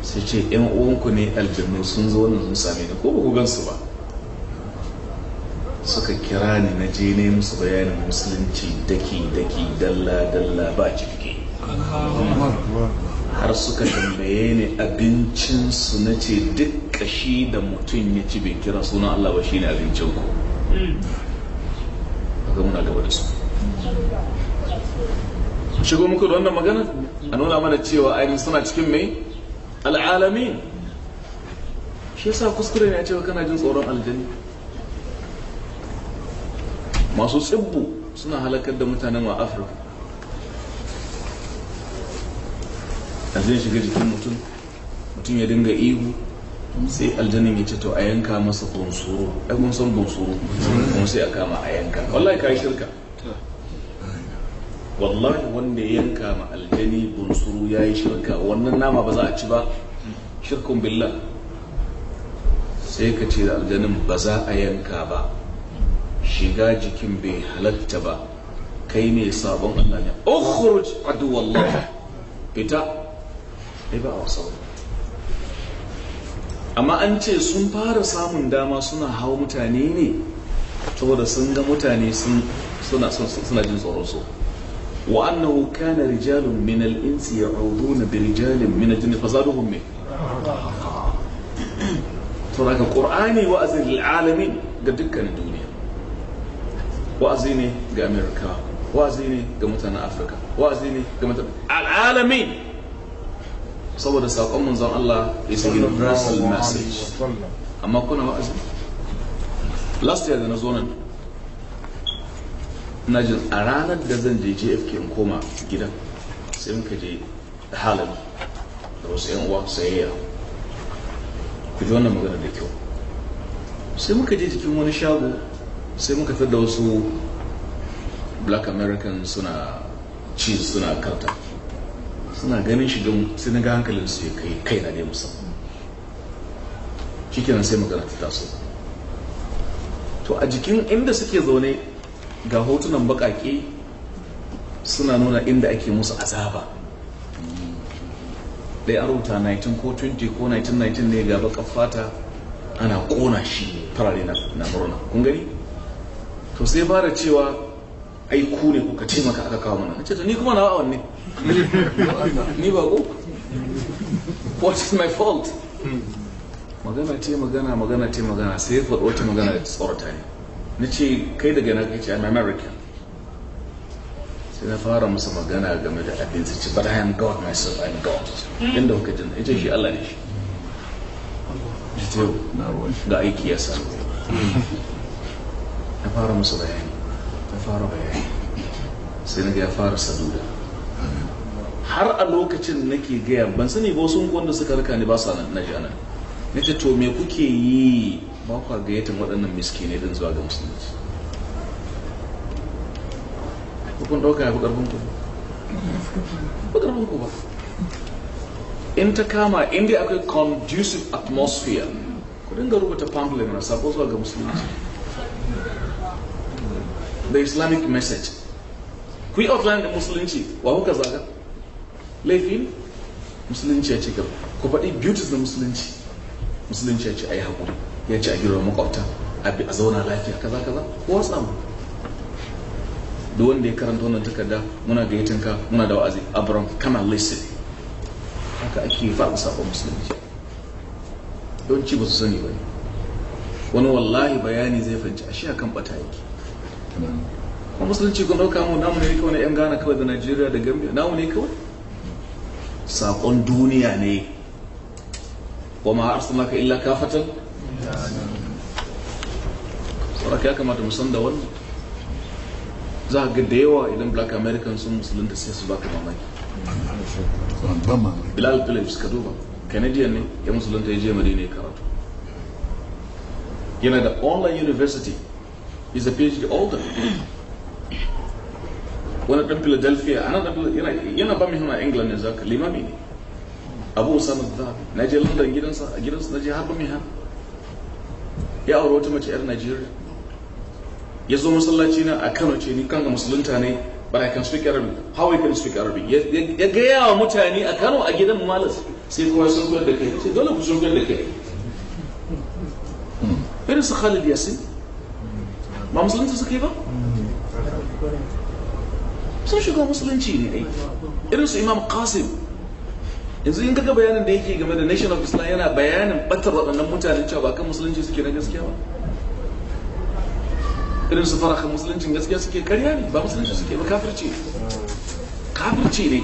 sai ce yan uwanku ne aljannu sun zo wannan sun same ni ko ba ku gansu ba suka kira ni na je ne musu bayanin musulunci daki daki dalla dalla ba cifke har suka tambaye ni abincinsu na ce duk kashi da mutum ya ci bai kira sunan Allah ba shine abincin ku ga muna gaba da su shigo muku da wannan magana a nuna mana cewa ainihin suna cikin mai al'alamin shi yasa kuskure ne a cewa kana jin tsoron aljanna masu tsibbu suna halakar da mutanen wa afirka zai shiga jikin mutum mutum ya dinga ihu sai aljanin ya ce to a yanka masa bonsoro ai kun san bonsoro kuma sai a kama a yanka wallahi ka shirka wallahi wanda ya yanka ma aljani bonsoro ya yi shirka wannan nama ba za a ci ba shirkun billah sai ka ce da aljanin ba za a yanka ba shiga jikin bai halatta ba kai ne sabon Allah ne ukhruj aduwallah fita dai ba a amma an ce sun fara samun dama suna hawa mutane ne saboda sun ga mutane suna suna jin tsoro so wa annahu kana rijalun min al-insi ya'uduna bi rijalin min al-jinni fazaduhum min to daga qur'ani wa'azil lil alamin ga dukkan duniya wa'azi ne ga amerika wa'azi ne ga mutanen afirka wa'azi ne ga mutanen al'alamin saboda saƙon manzon Allah is a universal message amma kuna wa'azi last year da na zo nan na jin a ranar da zan je JFK in koma gidan sai muka je halin da wasu yan uwa sayayya ku ji wannan magana da kyau sai muka je cikin wani shago sai muka fi da wasu black american suna cheese suna karta suna ganin shi don sai na ga hankalin su ya kai kai na ne musamman shikenan sai magana ta taso to a jikin inda suke zaune ga hotunan bakake suna nuna inda ake musu azaba ɗaya an rubuta 19 ko 20 ko 1919 ne ga baka fata ana kona shi farare na murna kun gani to sai fara cewa ai ku ne kuka maka aka kawo mana ce to ni kuma na wa wanne ni ba ko what is my fault magana ce magana magana ce magana sai ya faɗo wata magana da tsorata ne na ce kai daga na kai ce I'm American sai na fara masa magana game da abinci ci but I am God myself I am God inda kuka jin ita shi Allah ne shi ga aiki ya samu ta fara musu bayani ya fara bayani sai na ga ya fara saduda har a lokacin nake gaya ban sani ba sun wanda suka raka ni ba su nan na jana na ce to me kuke yi ba kwa gayyatar waɗannan ne din zuwa ga musulunci kun ɗauka ya fi ƙarfin ku ba ƙarfin ku ba in ta kama in dai akwai conducive atmosphere ku dinga rubuta pamphlet na sako zuwa ga musulunci the Islamic message. Ku yi offline da musulunci, wa kuka zaga? Laifi Musulunci ya ce gaba. Ku faɗi beauties na musulunci. Musulunci ya ce a yi haƙuri, ya ce a girma makwabta, a bi a zauna lafiya, kaza kaza, kowa samu. da wanda ya karanta wannan takarda muna gayyatanka muna da wa'azi Abraham kama listen. Haka ake faɗi sabon musulunci. Yawanci ba su sani ba ne. Wani wallahi bayani zai fahimci a shi akan ɓata yake. musulunci kun dauka mu namu ne kawai na yan gana kawai da Najeriya da Gambia namu ne kawai sakon duniya ne wa ma arsalnaka illa kafatan saboda ya kamata mu san da wannan za ga da yawa idan black american sun musulunta sai su baka mamaki bilal phillips ka duba canadian ne ya musulunta ya je madina ya karatu yana da online university He's a PhD older. wani ɗan Philadelphia, know, you yana Birmingham a England is a Lima Mini. Abu Usama London Birmingham. Ya aure wata mace 'yar Ya zo masallaci na a Kano ce ni kan ga musulunta ne but I can speak Arabic. How I can speak Arabic? Ya gaya wa mutane a Kano a gidan malas sai sun da kai. Sai dole ku sun da kai. Hmm. Irin su Khalid Yasin. ba musulunci suka yi ba sun shiga musulunci ne dai irin su imam qasim yanzu in kaga bayanin da yake game da nation of islam yana bayanin batar waɗannan mutanen cewa ba kan musulunci suke na gaskiya ba irin su faraka musuluncin gaskiya suke karya ne ba musulunci suke ba kafirci kafirci ne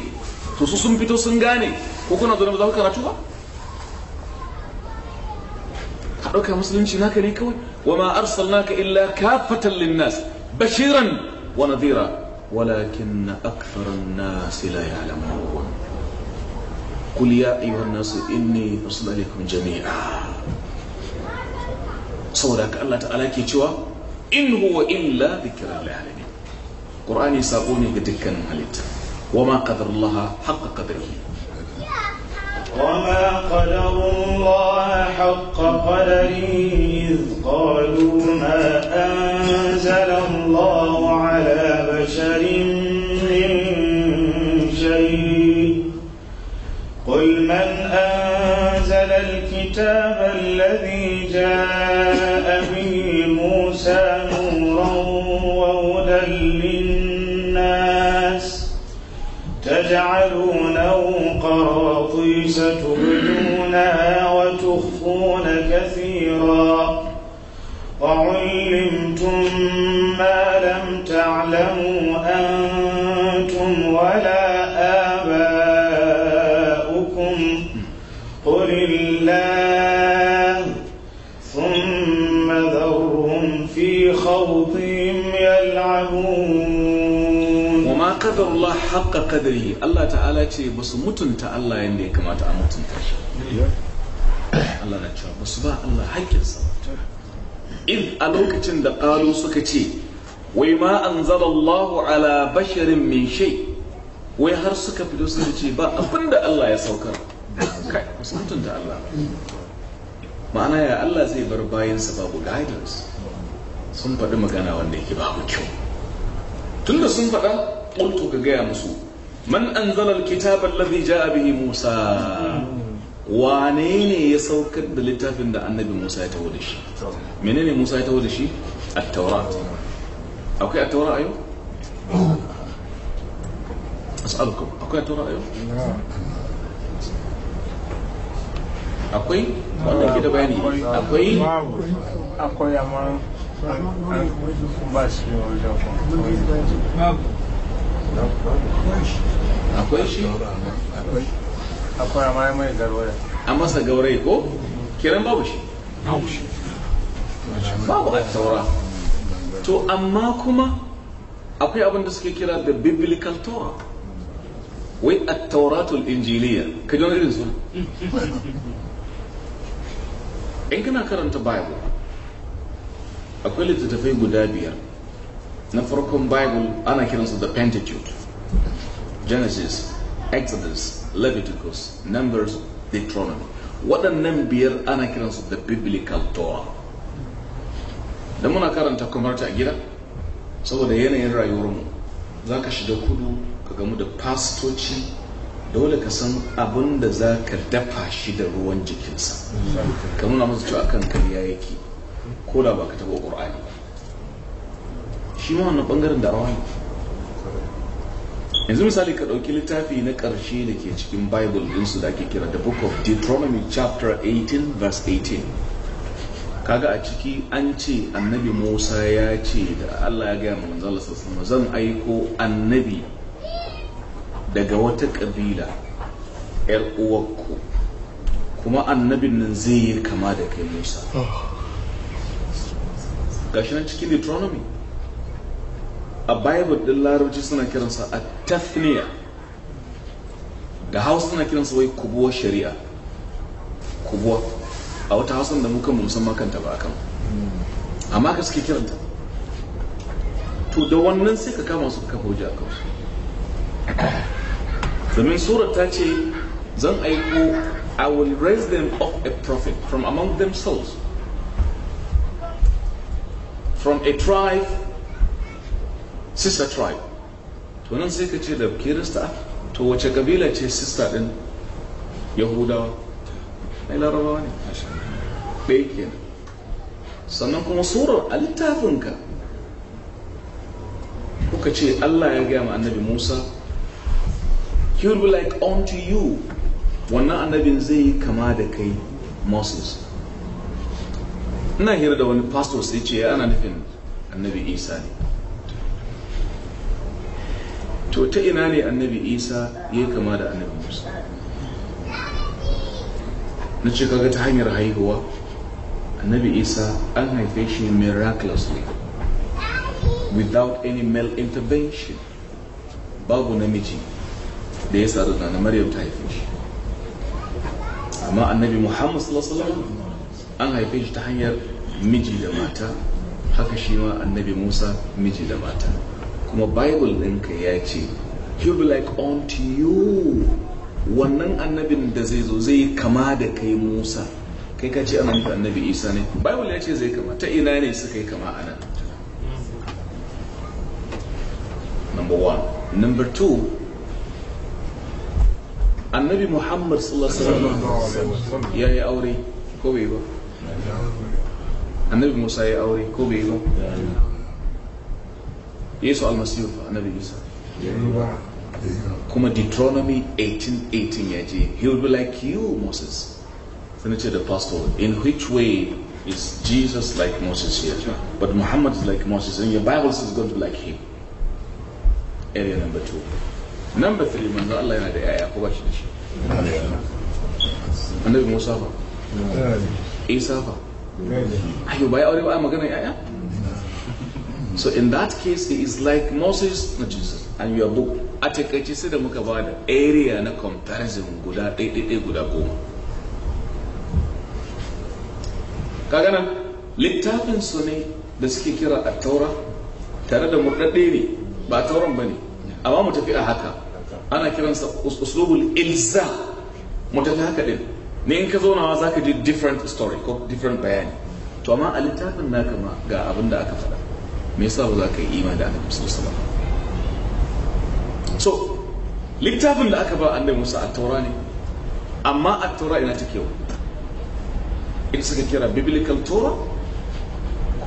to su sun fito sun gane ko kuna zo da ba za ku karatu ba هذا مسلم هناك ليكون وما أرسلناك إلا كافة للناس بشيرا ونذيرا ولكن أكثر الناس لا يعلمون قل يا أيها الناس إني ارسل إليكم جميعا صورك الله تعالى كي كيتوا إن هو إلا ذكر للعالمين قرآني ساقوني قد كان وما قدر الله حق قدره وما قدروا الله حق قدره إذ قالوا ما أنزل الله على بشر من شيء قل من أنزل الكتاب الذي جاء به موسى نورا وهدى للناس تجعلون أو قراطيس تبدونها وتخفون كثيرا وعلمتم ما qadar Allah haqqa qadrihi Allah ta'ala ce ba su mutunta Allah yadda ya kamata a mutunta shi Allah na cewa ba su ba Allah sa in a lokacin da ƙalu suka ce wai ma an zaba Allah ala basharin min shai, wai har suka fito suka ce ba abinda Allah ya saukar kai ba su mutunta Allah ma'ana ya Allah zai bar bayansa babu guidance sun faɗi magana wanda yake babu kyau tunda sun faɗa qultu ka gaya musu man anzala alkitaba alladhi jaa bihi musa wane ne ya saukar da littafin da annabi musa ya taho da shi ne musa ya taho da shi at-taurat akwai at-taurat ayo as'alukum akwai at-taurat ayo akwai wannan gida bayani akwai akwai amma ba shi akwai shi akwai amma mai garwaya a masa gaurayi ko kiran babu shi babu a taura to amma kuma akwai abin da suke kira da biblical torah wai a tauratul injiliya ka ji wani irin suna in kana karanta bible akwai littattafai guda biyar na farkon bible ana kiransu the pentateuch genesis exodus leviticus numbers deuteronomy waɗannan biyar ana kiransu the biblical torah da muna karanta kwamarta a gida saboda yanayin rayuwarmu za ka shiga kudu ka gamu da fastoci dole ka san abin da za ka dafa shi da ruwan jikinsa ka nuna masu cewa kan kariya yake ko da ba ka taɓa ƙur'ani ba shi ma wannan ɓangaren da awa yanzu misali ka ɗauki littafi na ƙarshe da ke cikin bible ɗinsu da ake kira the book of deuteronomy chapter 18 verse 18 kaga a ciki an ce annabi musa ya ce da allah ya gaya manzala sassama zan aiko annabi daga wata ƙabila 'yar uwarku kuma annabin nan zai yi kama da kai musa oh. gashi nan cikin Deuteronomy a Bible din larabci suna kiransa a tafniya da Hausa suna kiransa wai kubuwa shari'a kubuwa a wata Hausa da muka musamman kanta ba kan amma ka suke kiranta to da wannan sai ka kama su ka kafa hujja kansu domin surar ta ce zan aiko I will raise them up a prophet from among themselves from a tribe sister tribe to nan sai ka ce da kirista to wace kabila ce sister din yahudawa ai larabawa ne ɗaya kenan sannan kuma surar a littafinka kuka ce Allah ya gaya ma annabi Musa he will be like unto you wannan annabin zai yi kama da kai Moses ina hira da wani pastor sai ce eh, ana nufin annabi isa ne to ta ina ne annabi isa ya yi kama da annabi musa na ce kaga ta hanyar haihuwa annabi isa an haife shi miraculously without any male intervention babu namiji da ya sadu da na maryam ta haife shi amma annabi muhammad sallallahu alaihi wasallam an haife shi ta hanyar miji da mata haka shi ma annabi musa miji da mata kuma bible ɗinka ya ce he will like unto you wannan annabin da zai zo zai kama da kai musa kai ka ce annabi annabi isa ne bible ya ce zai kama ta ina ne suka yi kama anan number one number two annabi muhammad sallallahu alaihi wasallam ya yi aure ko bai ba النبي موسى أوري كوبي يلو يسوع المسيح النبي يسوع kuma Deuteronomy 18, 18 yaji, he will be like you, Moses. Senator the pastor in which way is Jesus like Moses here? But Muhammad is like Moses, and your Bible says going to be like him. Area number two. Number three, manzo Allah yana da yaya ko ba shi da shi. Annabi isa ba ayo ba ya aure ba magana yaya so in that case he is like moses na jesus and your book a takaice sai da muka ba da area na comparison guda ɗaiɗaiɗai guda goma kaga nan littafin su ne da suke kira a taura tare da murɗaɗɗe ne ba tauran ba ne amma mu tafi a haka ana kiransa uslubul ilza mu tafi haka ɗin ne in ka nawa za ka ji different story ko different bayani to amma a littafin na ma ga abin da aka faɗa me yasa ba za ka yi imani da annabi sallallahu ba so littafin da aka ba annabi Musa a taura ne amma a taura ina ta kewa ita suka kira biblical ko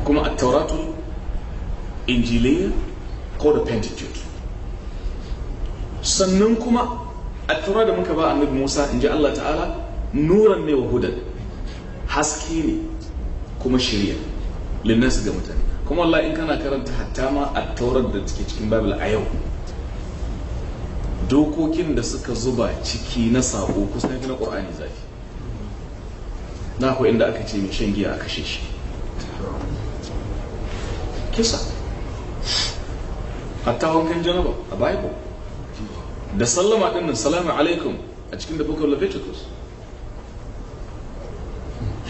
kuma a tun injiliya ko da pentateuch sannan kuma a taura da muka ba annabi Musa in ji Allah ta'ala nuran ne wa hudan haske ne kuma shirya linnas ga mutane kuma Allah in kana karanta hatta ma a taurar da take cikin babil a yau dokokin da suka zuba ciki na sako kusan fi na ƙur'ani zafi na kuwa inda aka ce mai shan giya a kashe shi kisa hatta wankan janaba a bible da sallama ɗin salamu alaikum a cikin da bukar leviticus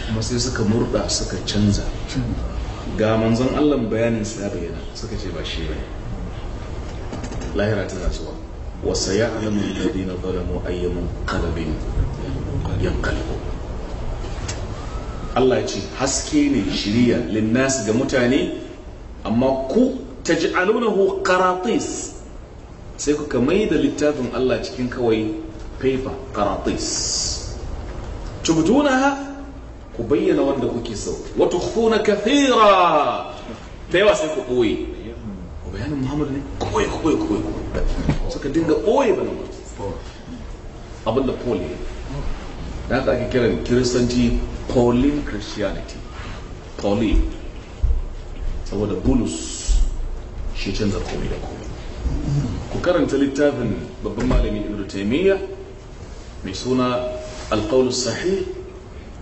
kuma sai suka murda suka canza ga manzon Allah bayanin sa bayyana suka ce ba shi bane lahira tana zuwa wa sayalamu alladhina zalamu ayyamun qalbin yanqalibu Allah ce haske ne shiriya linnas ga mutane amma ku taj'alunahu qaratis sai kuka mai da littafin Allah cikin kawai paper qaratis tubtunaha ku bayyana wanda kuke so wa tukhfuna kathira da yawa sai ku koyi. ku bayanin muhammadu ne ku boye ku boye ku suka dinga boye bana abin da paul ya da aka ake kiran kiristanci pauline christianity pauline saboda bulus shi canza komai da komai ku karanta littafin babban malami ibn taymiya mai suna alqaulus sahih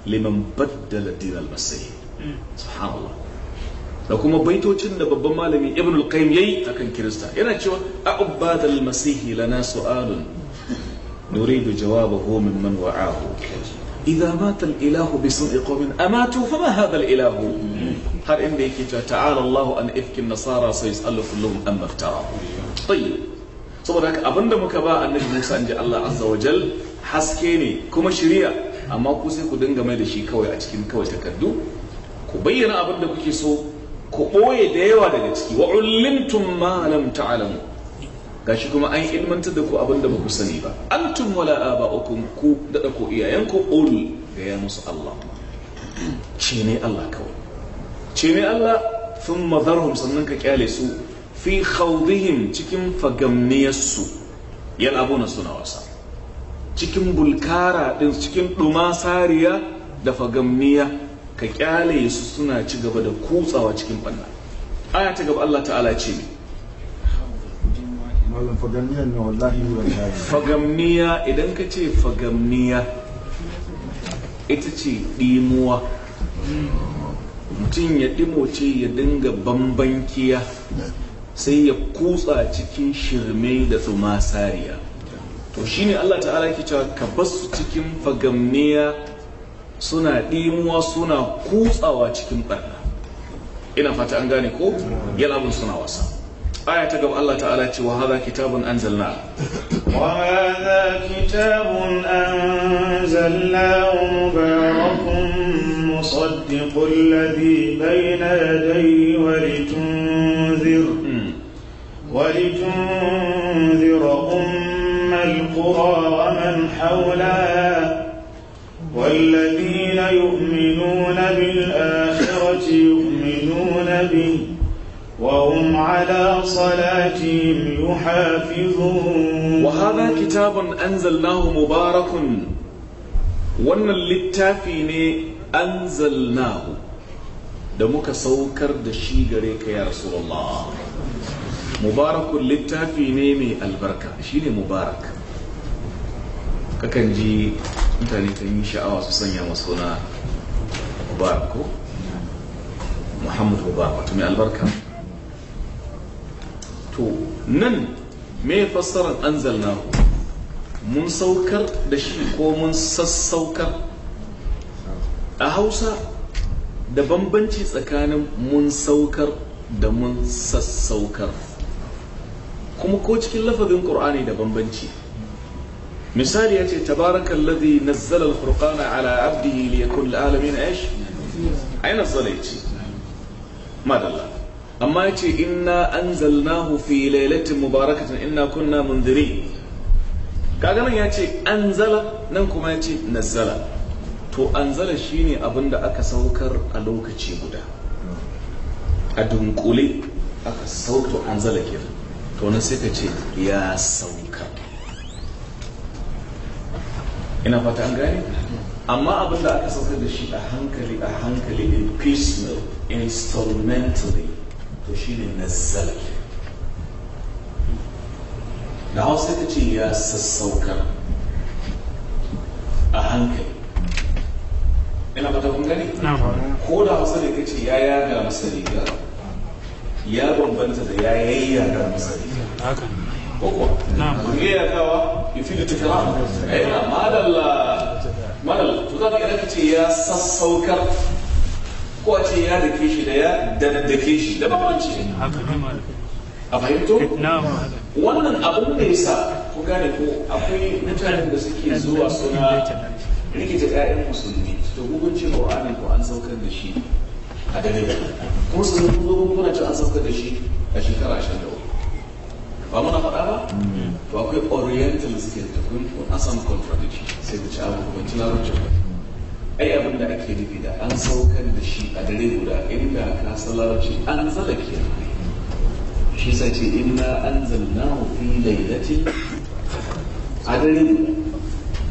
liman baddala din al mm. subhanallah da kuma baitocin da babban malami ibn al-qayyim yayi akan kirista yana cewa a'ubbad al-masih lana su'alun nuridu jawabahu man wa'ahu idza mata al-ilahu bi sun'i qawmin amatu fama hadha al-ilahu har inda yake cewa ta'ala Allah an ifkin nasara sayas'alu kullum amma iftara tayyib saboda haka abinda muka ba annabi Musa inji Allah azza wa jal haske ne kuma shari'a amma ku sai ku dinga mai da shi kawai a cikin kawai takardu ku bayyana abin da kuke so ku ɓoye da yawa daga ciki wa ullimtum ma lam ta'lamu gashi kuma an ilmantar da ku abin da ku sani ba antum wala aba'ukum ku da ko iyayenku ul ga ya musu Allah ce ne Allah kawai ce ne Allah sun mazarhum sannan ka kyale su fi khawdihim cikin fagamniyarsu yal'abuna suna wasa cikin bulkara din cikin ɗuma sariya da fagamniya ka kyale su suna ci gaba da kutsawa cikin banna aya ta gaba Allah ta'ala ce ne fagamniya idan ka ce fagamniya ita ce ɗimuwa mutum ya ɗimoce ya dinga bambankiya sai ya kutsa cikin shirme da tsuma sariya to ne Allah ta'ala ke cewa ka su cikin fagamniya suna ɗimuwa suna kutsawa cikin ɓarna ina fata an gane ko yalabun suna wasa aya ta gaba Allah ta'ala ce wa hadha kitabun anzalna wa hadha kitabun anzalna mubarakun musaddiqul ladhi bayna yadayhi wa litunzir hmm. wa litunzir القرى ومن حولها والذين يؤمنون بالآخرة يؤمنون به وهم على صلاتهم يحافظون وهذا كتاب أنزلناه مبارك وأن للتافين أنزلناه دمك سوكر دشي غريك يا رسول الله مبارك للتافين ne البركة شيني مبارك kakan ji mutane ta yi sha'awa su sanya masu na ba ko Muhammadu ba wato mai albarka to nan me fassarar anzalnahu mun saukar da shi ko mun sassaukar a hausa da bambanci tsakanin mun saukar da mun sassaukar kuma ko cikin lafazin ƙur'ani da bambanci misali ya yace tabarakal ladhi na al-furqana ala 'abdihi liyakun lil-alamin aish ai nazzala yace madalla amma ya ce yace inna anzalnahu fi lailatin mubarakatin inna kunna mundiri. mundirin ya ce an zala. nan kuma ya yace nazzala to an zala shine abin da aka saukar a lokaci guda a dunkule aka sauto anzala kenan to nan sai ka ce ya sauka ina fata an gane amma abin da aka saukar da shi a hankali a hankali in piecemeal instrumentally to na zalke da hausa ta ce ya sassaukar a hankali ina fata kun gani ko da hausa da ka ce ya yaga masa riga ya bambanta da ya yayyaga masa riga ko na'am ne eh, ya kawa yufidu tikram ai madalla madalla to kaga idan kace ya sassauka ko a ce ya dake shi da ya daddake shi da bambanci a fahimto wannan abun ne yasa ku gane ko akwai mutane da suke zuwa suna rikita ƴaƴan musulmi to ce qur'ani ko an saukar da shi a dare ko sun zo kuna ci an saukar da shi a shekara 23 ba muna faɗa ba mm. to akwai orientalist ke da kun asan contradiction sai da ci abu kuma ci larabci ba mm. ai abin da ake nufi da an saukar da shi a dare guda inda ka san larabci an zalake mm. shi sa ce inna anzalnahu fi lailatin a dare guda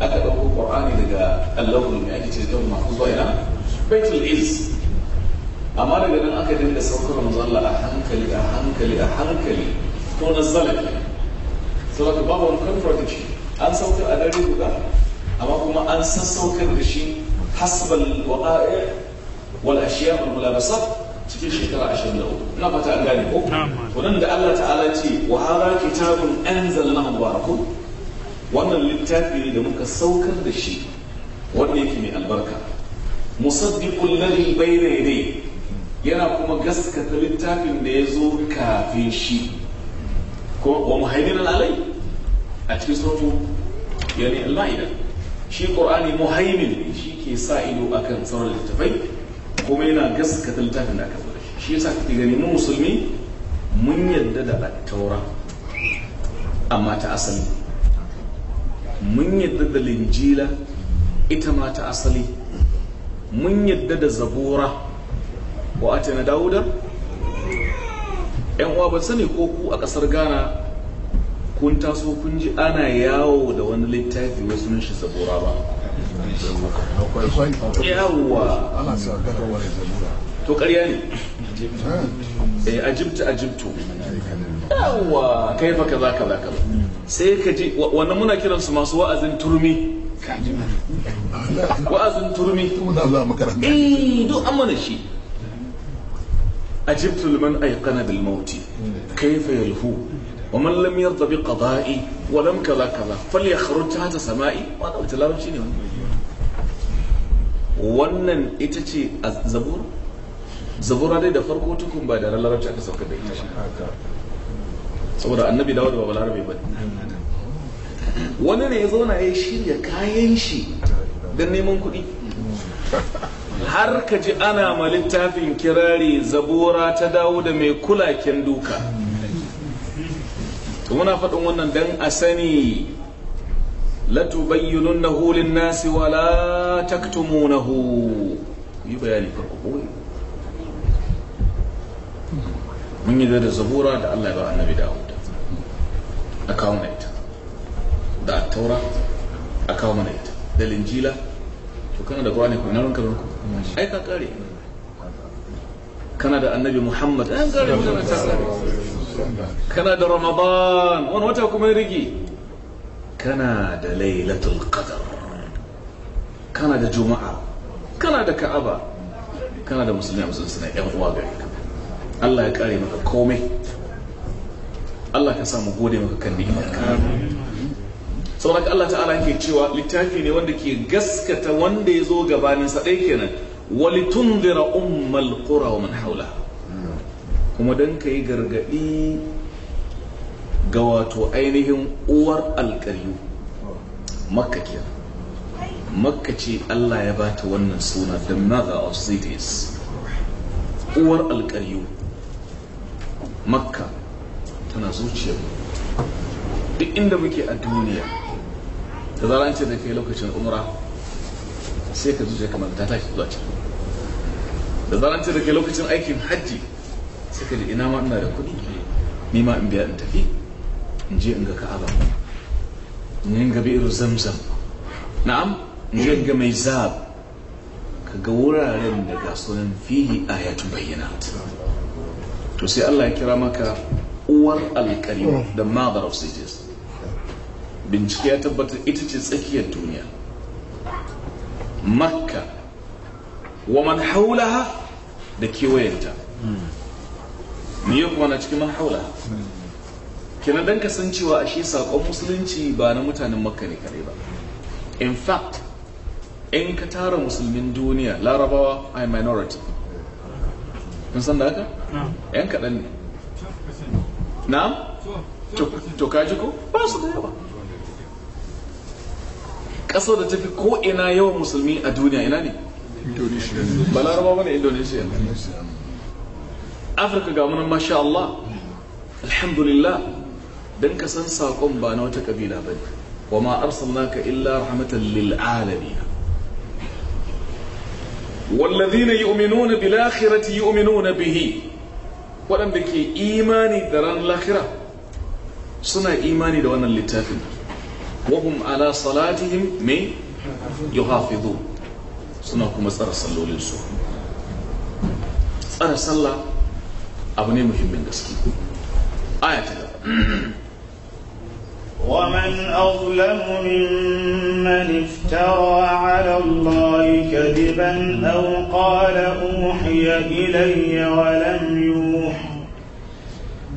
aka ɗauko qur'ani daga allahul mai ake ce da mahfuz wa ila baitul izz amma daga nan aka dinga saukar manzo Allah a hankali a hankali a hankali ko na zalif saboda babu wani control da shi an sauka a dare guda amma kuma an sassaukar da shi hasbal waqa'i wal ashiya al mulabasa cikin shekara 23 ina fata an gane ko wannan da Allah ta'ala ce wa hadha kitabun anzalnahu mubarakun wannan littafi ne da muka saukar da shi wanda yake mai albarka musaddiqul ladhi bayna yana kuma gaskata littafin da ya zo kafin shi ko wa muhaiminan alai a cikin suratu yani al-ma'ida shi qur'ani muhaimin shi ke sa ido akan sauran littafai kuma yana gaskata littafin da aka zo da shi shi yasa kake gani mu musulmi mun yadda da at-taura amma ta asali mun yadda da linjila ita ma ta asali mun yadda da zabura wa atina dauda yan uwa ba sani ko ku a kasar ghana kun taso kun ji ana yawo da wani littafi wasu nan shi sabora ba yawa to karya ne eh ajibta ajibtu yawa kai fa kaza kaza kaza sai ka ji wannan muna kiran su masu wa'azin turmi wa'azin turmi eh do amana shi أجبت لمن أيقن بالموت كيف يلهو ومن لم يرضى بقضائي ولم كذا كذا فليخرج تحت سمائي وانا قلت لا رمشيني wannan ita ce a zabura zabura dai da farko tukun ba da larabci aka ita saboda annabi dawo da ba larabe ba wani ne ya zauna ya shirya kayan shi don neman kuɗi har ka ji ana ma littafin kirari zabura ta dawo da mai kulaken duka to muna faɗin wannan dan a sani latubayyinunnahu lin-nasi wa la taktumunahu yi bayani farko kawai mun yi da zabura da Allah ya ba annabi da a kawo mana ita da taura a kawo mana ita da linjila to kana da gwani ko ina ranka ranku ai ka kare kana da annabi muhammad an kare kana da ramadan wani wata kuma rigi kana da lailatul qadar kana da juma'a kana da ka'aba kana da musulmi a musulmi suna yan uwa gari Allah ya kare maka komai Allah ka samu gode maka kan ni'imarka Sauraka Allah ta'ala ke cewa littafi ne wanda ke gaskata wanda ya zo gabanin sa ɗaya kenan wali ummal qura wa manhaula kuma kuma dan yi gargaɗi ga wato ainihin uwar alƙaryu makka ke makka ce Allah ya ba ta wannan suna the mother of cities uwar alƙaryu makka tana zuciya. duk inda muke a duniya da zarar an ce zai kai lokacin umra sai ka zuciya kamar ta tashi zuwa can da zarar an ce zai kai lokacin aikin hajji sai ka ji ina ma ina da kuɗi ni ma in biya in tafi in je in ga ka'aba in yi gabi irin zamzam na'am in je in ga mai zab ka ga wuraren da ga sunan fihi ayatun bayyana to sai Allah ya kira maka uwar alkarim da mother of sages bincike ya tabbatar ita ce tsakiyar duniya makka wa man haulaha da kewayenta ni yau kuma na cikin man haulaha kenan dan kasancewa ashe saƙon musulunci ba na mutanen makka ne kare ba in fact in ka tara musulmin duniya larabawa a minority kun san da haka? yan kaɗan ne na? to kaji ko? ba su da yawa ƙasar da tafi ko ina yawan musulmi a duniya ina ne balaraba wani indonesia afirka ga munan masha Allah alhamdulillah don ka san saƙon ba na wata ƙabila ba ne wa ma ka illa rahmatan lil alamin والذين يؤمنون بالآخرة يؤمنون bihi. waɗanda ke imani da ran lakira suna imani da wannan littafin وهم على صلاتهم مي يحافظون سنكم صار صلوا للسوء صار صلى abu مهم من gaske آية aya ومن أظلم ممن افترى على الله كذبا أو قال أوحي إلي ولم يوحي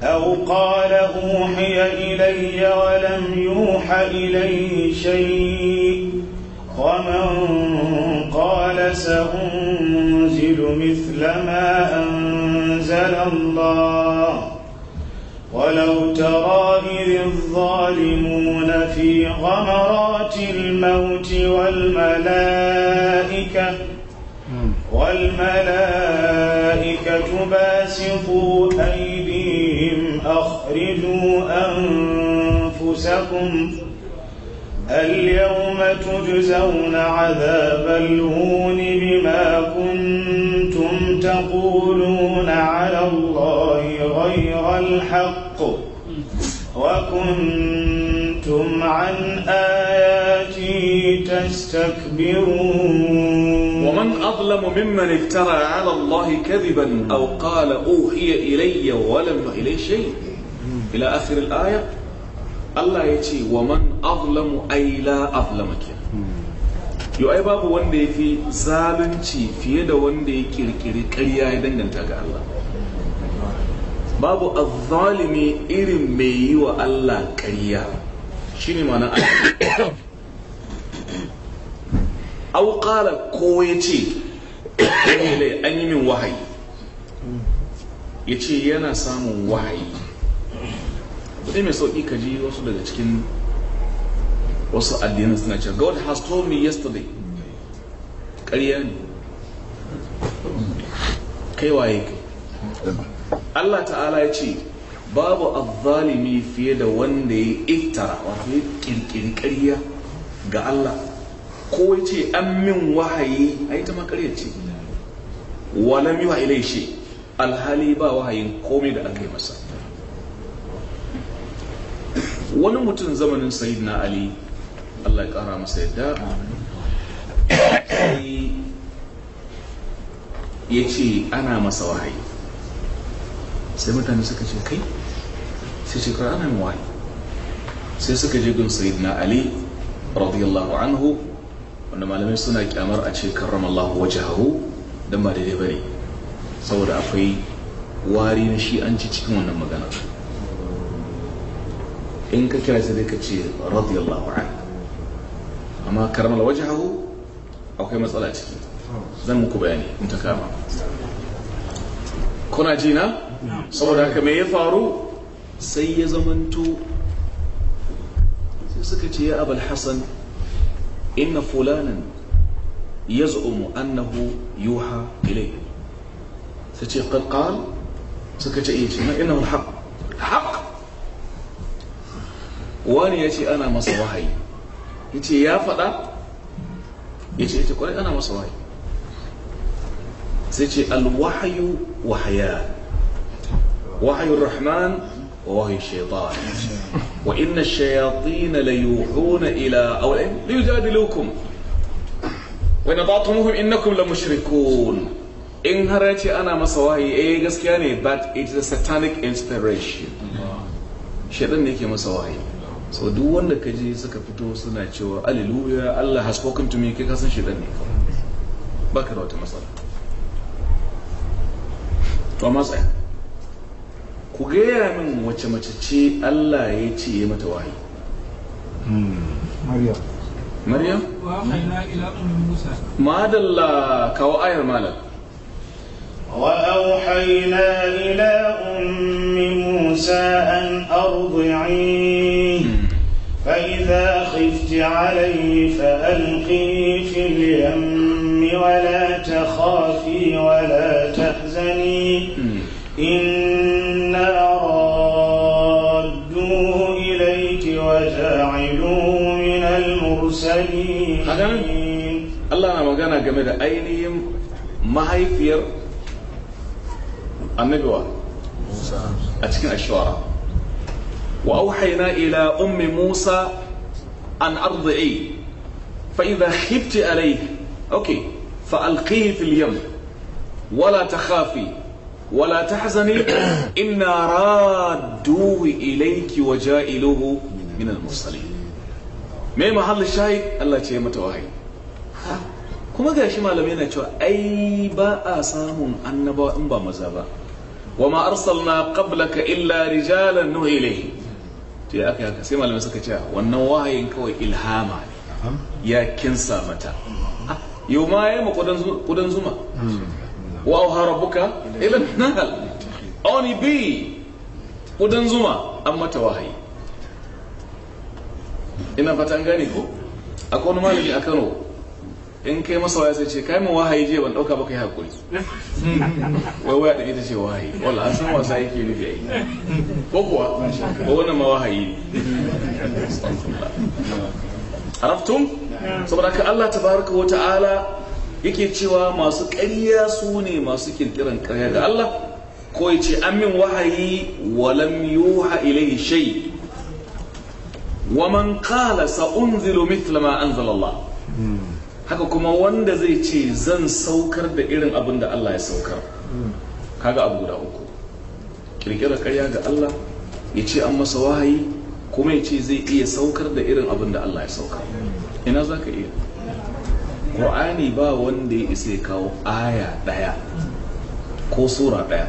أو قال أوحي إلي ولم يوحى إليه شيء ومن قال سأنزل مثل ما أنزل الله ولو ترى إذ الظالمون في غمرات الموت والملائكة والملائكة باسطون أخرجوا أنفسكم اليوم تجزون عذاب الهون بما كنتم تقولون على الله غير الحق وكنتم عن آياتي تستكبرون ومن أظلم ممن افترى على الله كذبا أو قال أوحي إلي ولم يوحي إليه شيء ila akhir al Allah ya ce wa man azlamu ay hmm. ai babu wanda ya fi zalunci fiye da wanda ya kirkiri ƙarya ya danganta ga Allah babu azzalimi irin mai yi wa Allah ƙarya shine ma'ana au ƙala ko ya ce an yi min wahayi ya ce yana samun wahayi kudi mai sauƙi ka ji wasu daga cikin wasu addinin suna cewa God has told me yesterday ƙarya ne kai waye kai Allah ta'ala ya ce babu azzalimi fiye da wanda ya iftara wato ya kirkiri ƙarya ga Allah ko ya ce an min wahayi a yi ma makarya ce walam yi wa ilai shi alhali ba wahayin komai da aka yi masa wani mutum zamanin sayyidina ali allah ya kara masa yadda ya ce ana masa wahayi sai mutane suka ce kai sai ce kawai ana wahayi sai suka je gun sayyidina ali radiyallahu anhu wanda malamai suna kyamar a ce karramallahu hau don ba daidai bane saboda akwai wari na shi an ci cikin wannan maganar in ka kira sai ka ce radiyallahu anhu amma karmal wajhahu akwai matsala ciki zan muku bayani in ta kama kuna ji na saboda haka me ya faru sai ya zamanto sai suka ce ya abul hasan inna fulanan yaz'umu annahu yuha ilayhi sai ce qad suka ce eh innahu al-haqq wani yace ana masa wahayi yace ya fada yace yace ya kwarai ana masa wahayi sai ce alwahayu wahaya wahyu arrahman wa wahyu shaytan wa inna ash shayatin la yuhuna ila aw li yujadilukum wa in ata'tumuhum innakum la mushrikun in har ya ana masa wahayi eh gaskiya ne but it is a satanic inspiration shaitan ne yake masa wahayi so duk wanda ka je suka fito suna cewa alleluya Allah has spoken to me kai kasan shi ne baka da wata matsala to matsayi ku gaya min wace mace ce Allah ya ce ya mata wahayi Maryam Maryam madalla kawo ayar malam وأوحينا إلى أم موسى أن أرضعيه إذا خفت عليه فألقيه في اليم ولا تخافي ولا تحزني إنا ردوه إليك وجاعلوه من المرسلين الله أنا مقانا جميلة أينيم ما هي فير النبوة أتكين الشوارع. وأوحينا إلى أم موسى أن أرضعي فإذا خبت عليه أوكي فألقيه في اليم ولا تخافي ولا تحزني إنا رادوه إليك وجائلوه من المرسلين ما محل الشاي الله تيمة متوهي kuma ga shi malami yana cewa ai ba a samun annaba in ba maza ba wa ma arsalna qablaka illa to ya aka haka sai malamai suka ce wannan wahayin kawai ilhama ne ya kinsa mata yau ma ya ma kudan zuma wa auha rabbuka ila nahal oni bi kudan zuma an mata wahayi ina fata an gane ko akwai wani malami a Kano in kai masa waya sai ce kai mun wahayi je ban dauka ba kai hakuri wai waya da ita ce wahayi wala an san wasa yake nufi ai ko kuwa ko wannan ma wahayi arabtum saboda ka Allah tabaraka wa ta'ala yake cewa masu ƙarya su ne masu kirkiran ƙarya ga Allah ko ya ce an min wahayi wa lam yuha ilayhi shay wa man qala unzilu mithla ma Allah hmm. haka kuma wanda zai ce zan saukar da irin abin da Allah ya saukar hmm. kaga abu guda uku kirkirar karya ga Allah ya ce an masa wahayi kuma ya ce zai iya saukar da irin abin da Allah ya saukar ina za ka iya ƙwa'ani ba wanda ya isa ya kawo aya ɗaya ko sura ɗaya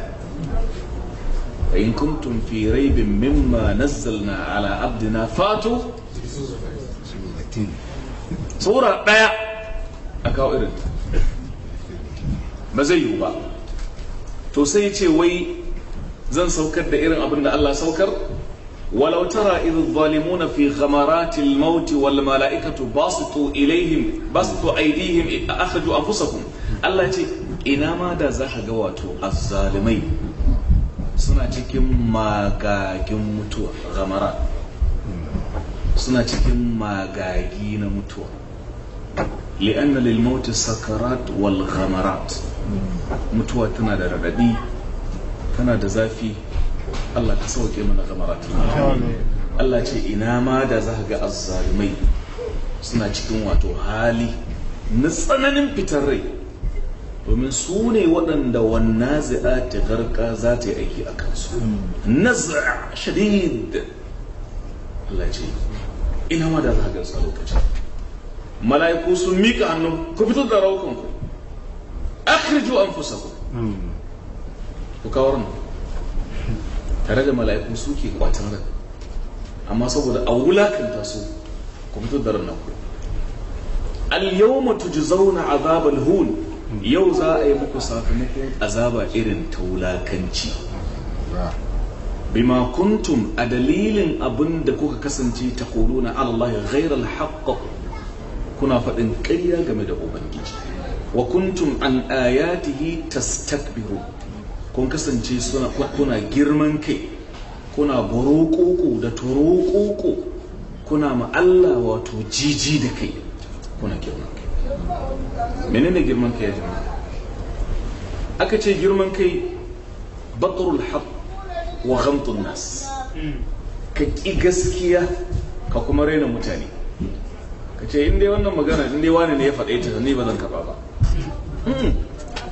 in kuntum fi raibin mimma nazzalna ala abdina fatu sura ɗaya a kawo irin ba zai yiwu ba to sai ya ce wai zan saukar da irin abin da Allah saukar walau tara idh zalimuna fi ghamarati al-maut wal mala'ikatu basitu ilayhim basitu aydihim akhaju anfusakum Allah ce ina ma da za ka ga wato azzalimai suna cikin magagin mutuwa ghamara suna cikin magagi na mutuwa لأن للموت السكرات والغمرات متوى تنادى رددي تنادى زافي الله كسوك من غمرات الله ce ina ma da ga azzalumai suna cikin wato hali na tsananin fitar rai domin su ne waɗanda wannan zai ta garka za ta yi aiki a kansu nazara shadid Allah ce ina ma da za ga su a lokacin mala'iku sun mika hannu ku fito da raukanku akhriju anfusakum hmm. ku kawar mu tare da mala'iku suke kwatan ran amma saboda a wulakanta su ku fito da ranku al-yawma yau tujzauna azabal hun hmm. yau za a yi muku sakamakon azaba irin ta wulakanci bima kuntum a dalilin abin da kuka kasance ta na Allah ghairal haqq kuna faɗin ƙarya game da ubangiji wa kuntum an ayatihi tastakbiru kun kasance suna kuna girman kai kuna goroƙoƙo da toroƙoƙo kuna ma'alla wato jiji da kai kuna girman kai menene girman kai ya jima aka ce girman kai batrul haq wa ghamtun nas hmm. ka ƙi gaskiya ka kuma raina mutane ka ce inda wannan magana inda wani ne ya faɗe ta ni ba zan karɓa ba hmm.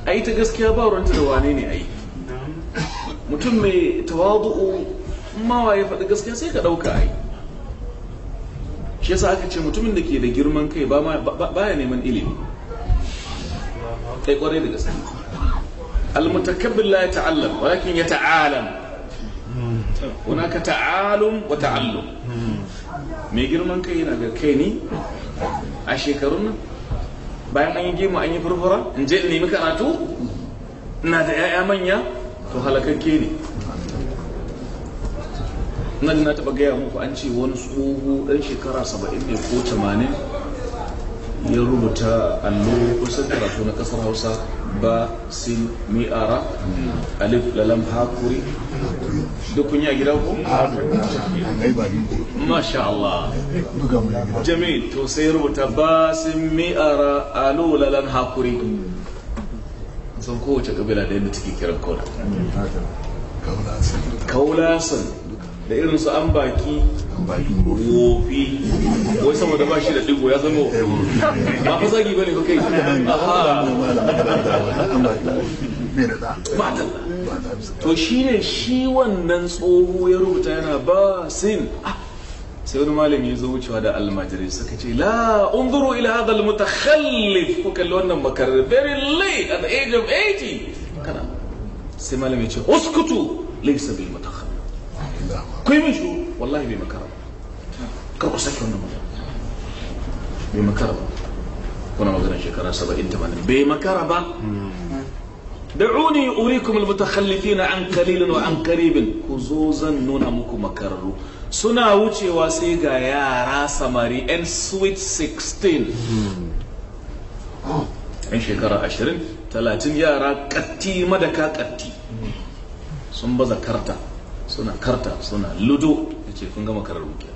a yi ta gaskiya ba ruwanta da wane ne a yi mutum mai tawadu'u mawa ya faɗi gaskiya sai ka ɗauka a yi shi yasa aka ce mutumin da ke da girman kai ba ya neman ilimi ɗai ƙwarai da gaske almutakabbin la ya ta'allam walakin ya ta'alam hunaka ta'alum wa ta'allum hmm. mai girman kai yana ga kai ni a shekarun nan bayan an yi gemu an yi furfura in je in nemi karatu ina da 'ya'ya manya to halakakke ne na na taɓa gaya muku an ce wani tsoho ɗan shekara saba'in ne ko tamanin ya rubuta allo kusan karatu na ƙasar hausa ba sin ara alif lalam hakuri duk kun gida ku? Ah, masha Allah jami'in to sai rubuta ba sin mi'ara alu lalam hakuri sun kowace kabila da yadda take kiran kona kaulasan da irin su an baki wofi wai saboda ba shi da digo ya zama ba fa zagi bane ko kai to shine shi wannan tsoho ya rubuta yana ba sin ah, sai wani malami ya zo wucewa da almajirai suka ce la unzuru ila hadha almutakhallif ko kalli wannan bakar very late at the age of 80 kana sai malami ya ce uskutu laysa bil mutakhallif ku yi min shiru wallahi bai makara ba kar ku sake wannan magana bai makara ba kuna magana shekara saba'in tamanin bai makara ba da'uni urikum almutakhallifina an qalilin wa an qaribin ku zan nuna muku makararru suna wucewa sai ga yara samari and sweet 16 yan shekara 20 30 yara katti madaka kati sun baza karta suna karta suna ludo ya ce kun gama karar wuke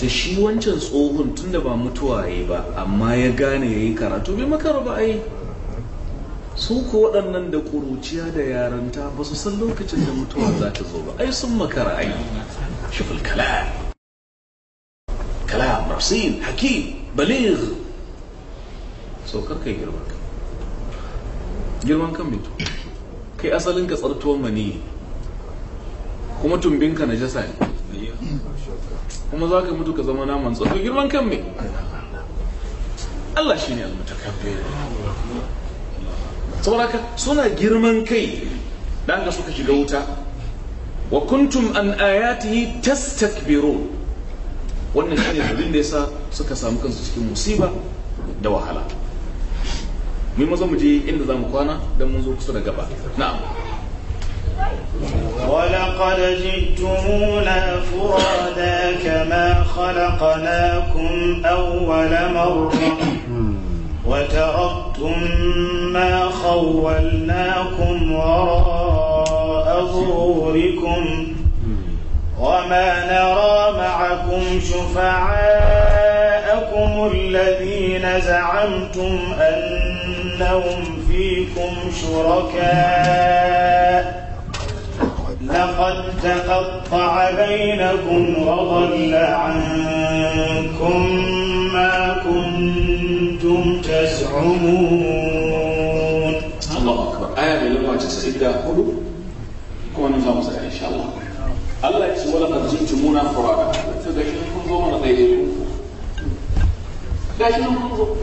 ta shi wancan tsohon tun da ba mutuwa ya ba amma ya gane ya yi karatu bai makara ba ai su ko waɗannan da ƙuruciya da yaranta ba su san lokacin da mutuwa za ta zo ba ai sun makara ai shifil kalam kala marsin hakim balir so karka girman kan girman kan mutu kai asalin ka tsartuwan mani kuma tumbinka na jasa ne kuma za ka mutu ka zama naman tsofi girman kan me Allah shi ne almutakabbir suna girman kai da haka suka shiga wuta wa kuntum an ayatihi tastakbirun wannan shine dalilin da yasa suka samu kansu cikin musiba da wahala mu mazo mu je inda zamu kwana dan mun zo kusa da gaba na'am ولقد جئتمونا فرادا كما خلقناكم أول مرة وتركتم ما خولناكم وراء ظهوركم وما نرى معكم شفعاءكم الذين زعمتم أنهم فيكم شركاء لقد تقطع بينكم وضل عنكم ما كنتم تزعمون الله أكبر آية بلغة تسعيدة قلو كون نظام إن شاء الله الله يسوى لقد زلتمونا فرادا تدعينكم ضمن غيركم دعينكم ضمن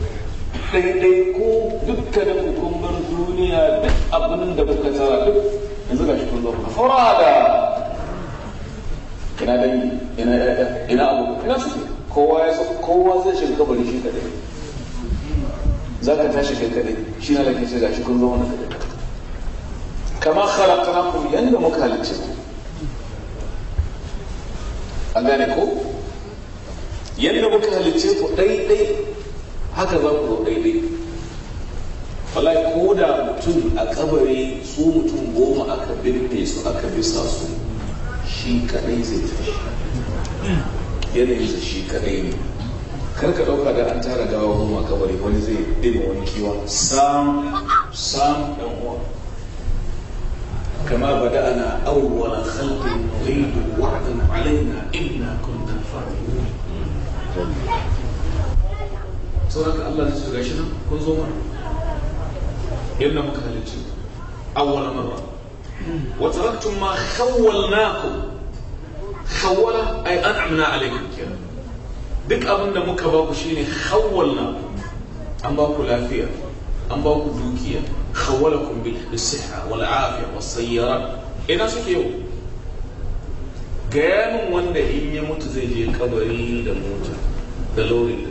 ɗaiɗaiku dukkaninku kun bar duniya duk abin da kuka tara duk yanzu ga shi kun zo ku furada ina da ina ina abu ina suke kowa ya so kowa zai shiga kabari shi kadai za ka tashi kai kadai shi na da ke sai gashi kun zo wani kadai kama khalaqnakum yanda muka halicce ku an gane ko da muka halicce ku daidai haka za ku zo daidai wala ko da mutum a kabari su mutum goma aka binne su aka bisa su shi kadai zai tashi yanayin su shi kadai ne kar ka dauka da an tara gawa goma a kabari wani zai ɗima wani kiwa sam sam dan uwa كما بدأنا أول خلق نعيد وعدا علينا إنا كنا فاعلين. سورة da تسوق kun zo mana. yadda muka halicci awwala marra wa taraktum ma khawwalnakum khawwala ay an'amna alaykum kenan duk abin da muka ba ku shine khawwalnakum an ba ku lafiya an ba ku dukiya khawwalakum bi siha wal afiya was sayyarat ina suke yau gaya min wanda in ya mutu zai je kabari da mota da lorin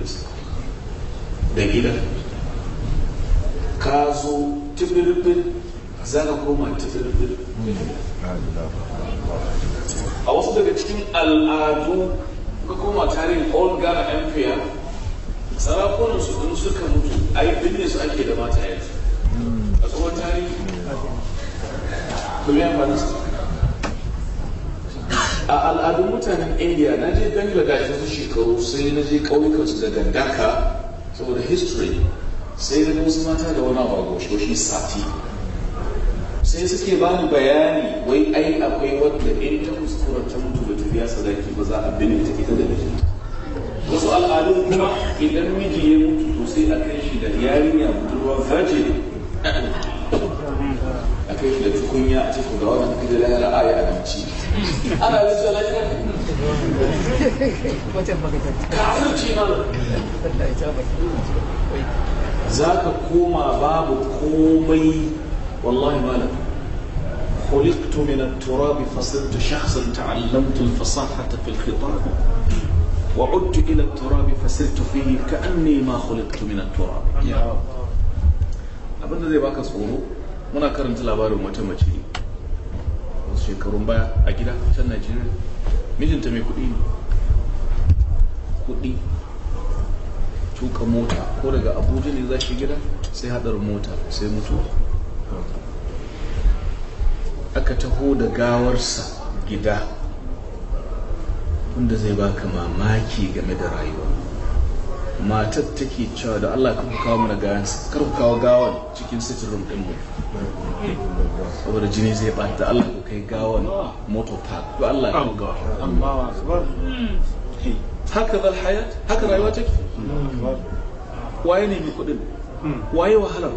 da gida ka zo tibirbir za ka koma tibirbir a wasu daga cikin al'adu ka koma tarihin old ghana empire sarakunan su in suka mutu a yi binne su ake da mata yanzu a tsohon tarihin. kuma yan ba a al'adun mutanen india na je bangladesh wasu shekaru sai na je ƙauyukansu da dandaka saboda history sai da wasu mata da wani abu a shi sati sai suke bani bayani wai ai akwai wadda in ta kuskura ta mutu da tafiya sadaki ba za a binne ta ita da miji wasu al'adun kuma idan miji ya mutu to sai a kai shi da yarinya budurwa virgin a kai shi da tukunya a cikin ga wannan kaje da yara ayi abinci ana da su lafiya kafirci ma za ka koma babu komai wallahi malam خلقت من التراب فصرت شخصا تعلمت الفصاحة zai baka tsoro muna karanta labarin wata mace wasu shekarun baya a gida can Najeriya mijinta mai kuɗi ne kuɗi tuka mota ko daga abuja ne za shi gida sai hadar mota sai mutu aka taho da gawarsa gida wanda zai baka mamaki game da rayuwa matar take cewa da Allah ka kawo mana gawan kar ku kawo gawar cikin sitting room din mu saboda jini zai bata Allah ku kai gawar motor park to Allah ka kawo gawar haka zal hayat haka rayuwa take waye ne mai kudin waye wahalar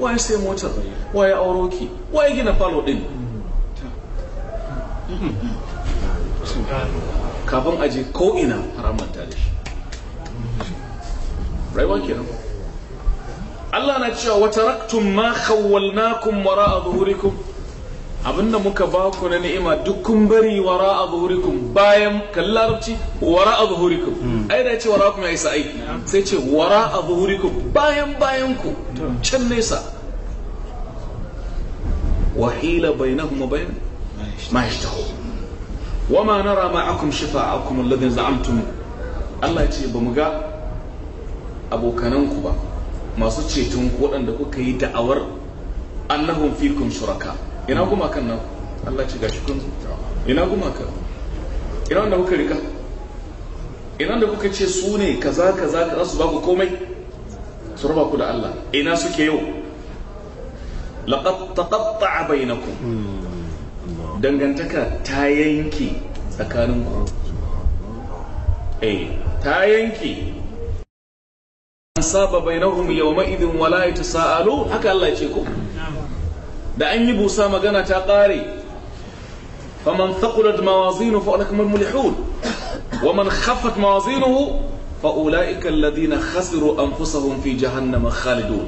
waye sai motar waye auroki waye gina falo din kafin aje ko ina haramanta da shi rayuwa kenan Allah na cewa wata raktun ma kawal mara a zuhurikum abinda muka ba ku na ni'ima duk kun bari wara a zuhurikum bayan kalli larabci wara a zuhurikum hmm. ai da ce wara kuma ya isa ai sai ce wara a zuhurikum bayan bayan ku can nesa wahila bainahum wa bain ma yashtahu wama nara ma'akum shifa'akum alladhi za'amtum Allah ce ba mu ga abokananku ba masu ceton ku waɗanda kuka yi da'awar annahum fikum shuraka ina gumakan nan Allah ce gashi kun ina gumakan ina wanda kuka rika ina da kuka ce su ne kaza kaza kaza su ba ku komai su raba ku da Allah ina suke yau laqad taqatta'a bainakum dangantaka ta yanki tsakanin ku eh ta yanki an saba bainahum yawma idin wala yatasalu haka Allah ya ce ku da an yi busa magana ta ƙare faman thaqulat mawazinu fa ulaika humul mulihun waman khaffat mawazinu fa ulaika alladhina khasiru anfusahum fi jahannama khalidun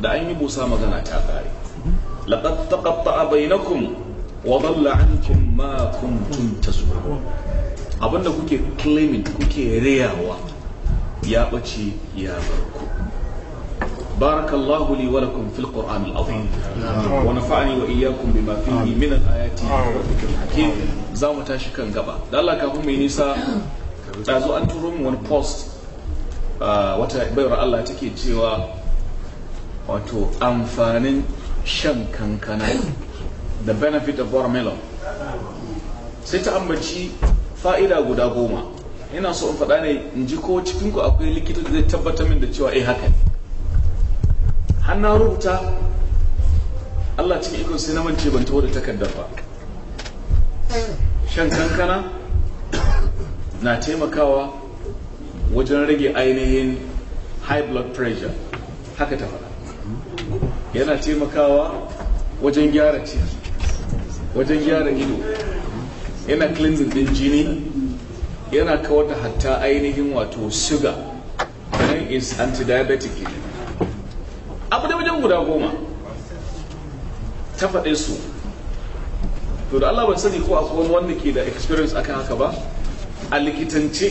da an yi busa magana ta ƙare laqad taqatta'a bainakum wa dhalla ankum ma kuntum tasbahun abinda kuke claiming kuke rayawa ya bace ya barku بارك الله لي ولكم في القرآن العظيم ونفعني وإياكم بما فيه من الآيات والذكر الحكيم زاو تاشي كان mu دالا كافو مي نيسا دازو أن بوست wata bayar Allah take cewa wato amfanin shan kankana the benefit of watermelon sai ta ambaci fa'ida guda goma ina so in faɗa ne in ji ko cikinku akwai likita da zai tabbatar min da cewa e haka hannun rubuta Allah cikin ikon sai na mance ban taho da takardar ba shan kankana na taimakawa wajen rage ainihin high blood pressure haka ta faɗa yana taimakawa wajen gyara ciki wajen gyara ido yana cleansing din jini yana kawar da hatta ainihin wato sugar is anti-diabetic abu da wajen guda goma ta faɗe su to da Allah ban sani ko akwai wani wanda ke da experience akan haka ba a likitance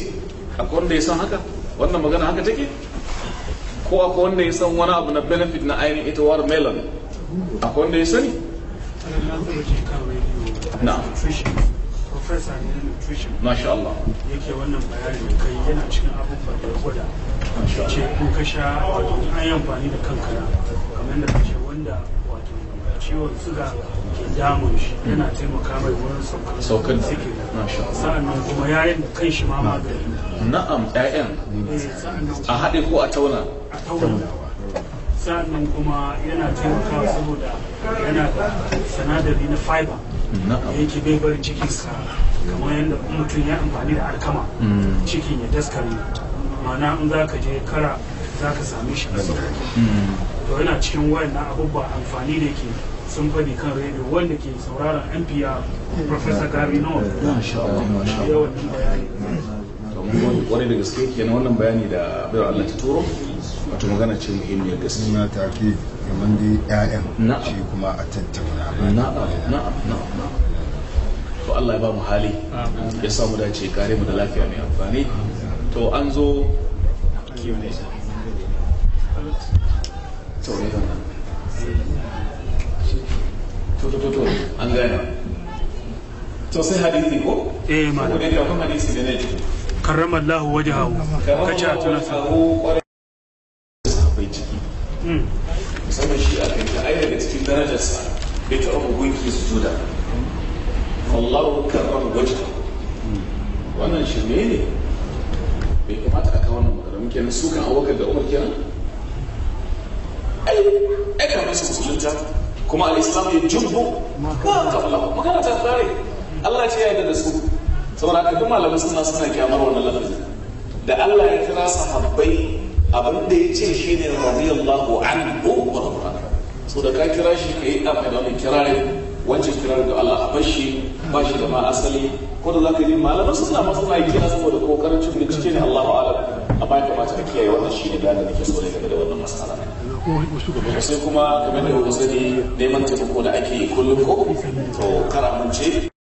akwai wanda ya san haka wannan magana haka take ko akwai wanda ya san wani abu na benefit na ainihin ita war melon akwai wanda ya sani na professor ne na nutrition masha Allah yake wannan bayani kai yana cikin abubuwan da ya ce ko ka sha wato an yi amfani da kankana kamar da kace wanda wato ciwon suga ke damun shi yana taimaka mai wurin saukar kuma yayin da kan shi ma magani na'am ƴaƴan eh, a haɗe ko a tauna a kuma yana taimakawa saboda yana da sanadari na fiber da yake bai barin cikinsa kamar yadda mutum ya amfani da alkama mm. cikin ya daskare ma'ana in za ka je kara za ka sami shi a hmm. to yana cikin wayannan abubuwa amfani da ke sun faɗi kan rediyo wanda ke sauraron npr professor hmm. gary nawa yawan bayani kwarai da gaske kenan wannan bayani da bayar Allah ta turo wato magana ce muhimmiyar gaske na tafi kamar da ƴaƴan shi kuma a tattauna na'am na'am na'am to Allah ya ba mu hali ya samu dace kare mu da lafiya mai amfani to an zo Q&A to ne wannan to to to an to sai hadisi ko eh ma ko da kuma hadisi da ne karrama Allah wajahu kace a tuna sa sahabbai ciki hmm. musamman shi a kai ta ai daga cikin darajarsa bai su Allah karrama wajahu hmm. wannan ne bai kamata a kawo wannan magana muke nan sukan abubakar da umar kenan ai su musulunta kuma ya jumbo magana ta Allah ce ya da su saboda haka duk malamai suna suna kyamar wannan lafazi da Allah ya kira sahabbai abin da ya ce shine radiyallahu anhu wa so da ka kira shi kai abin da wancan kirar da Allah a bashi ba shi da ma asali ko da zaka yi malaman su suna masu na kira saboda ko karancin bincike ne Allahu a'lam amma ya kamata a kiyaye wannan shi ne bayanin da ke so da game da wannan masala sai kuma kamar da kuka sani neman taimako da ake kullum ko to kara mun ce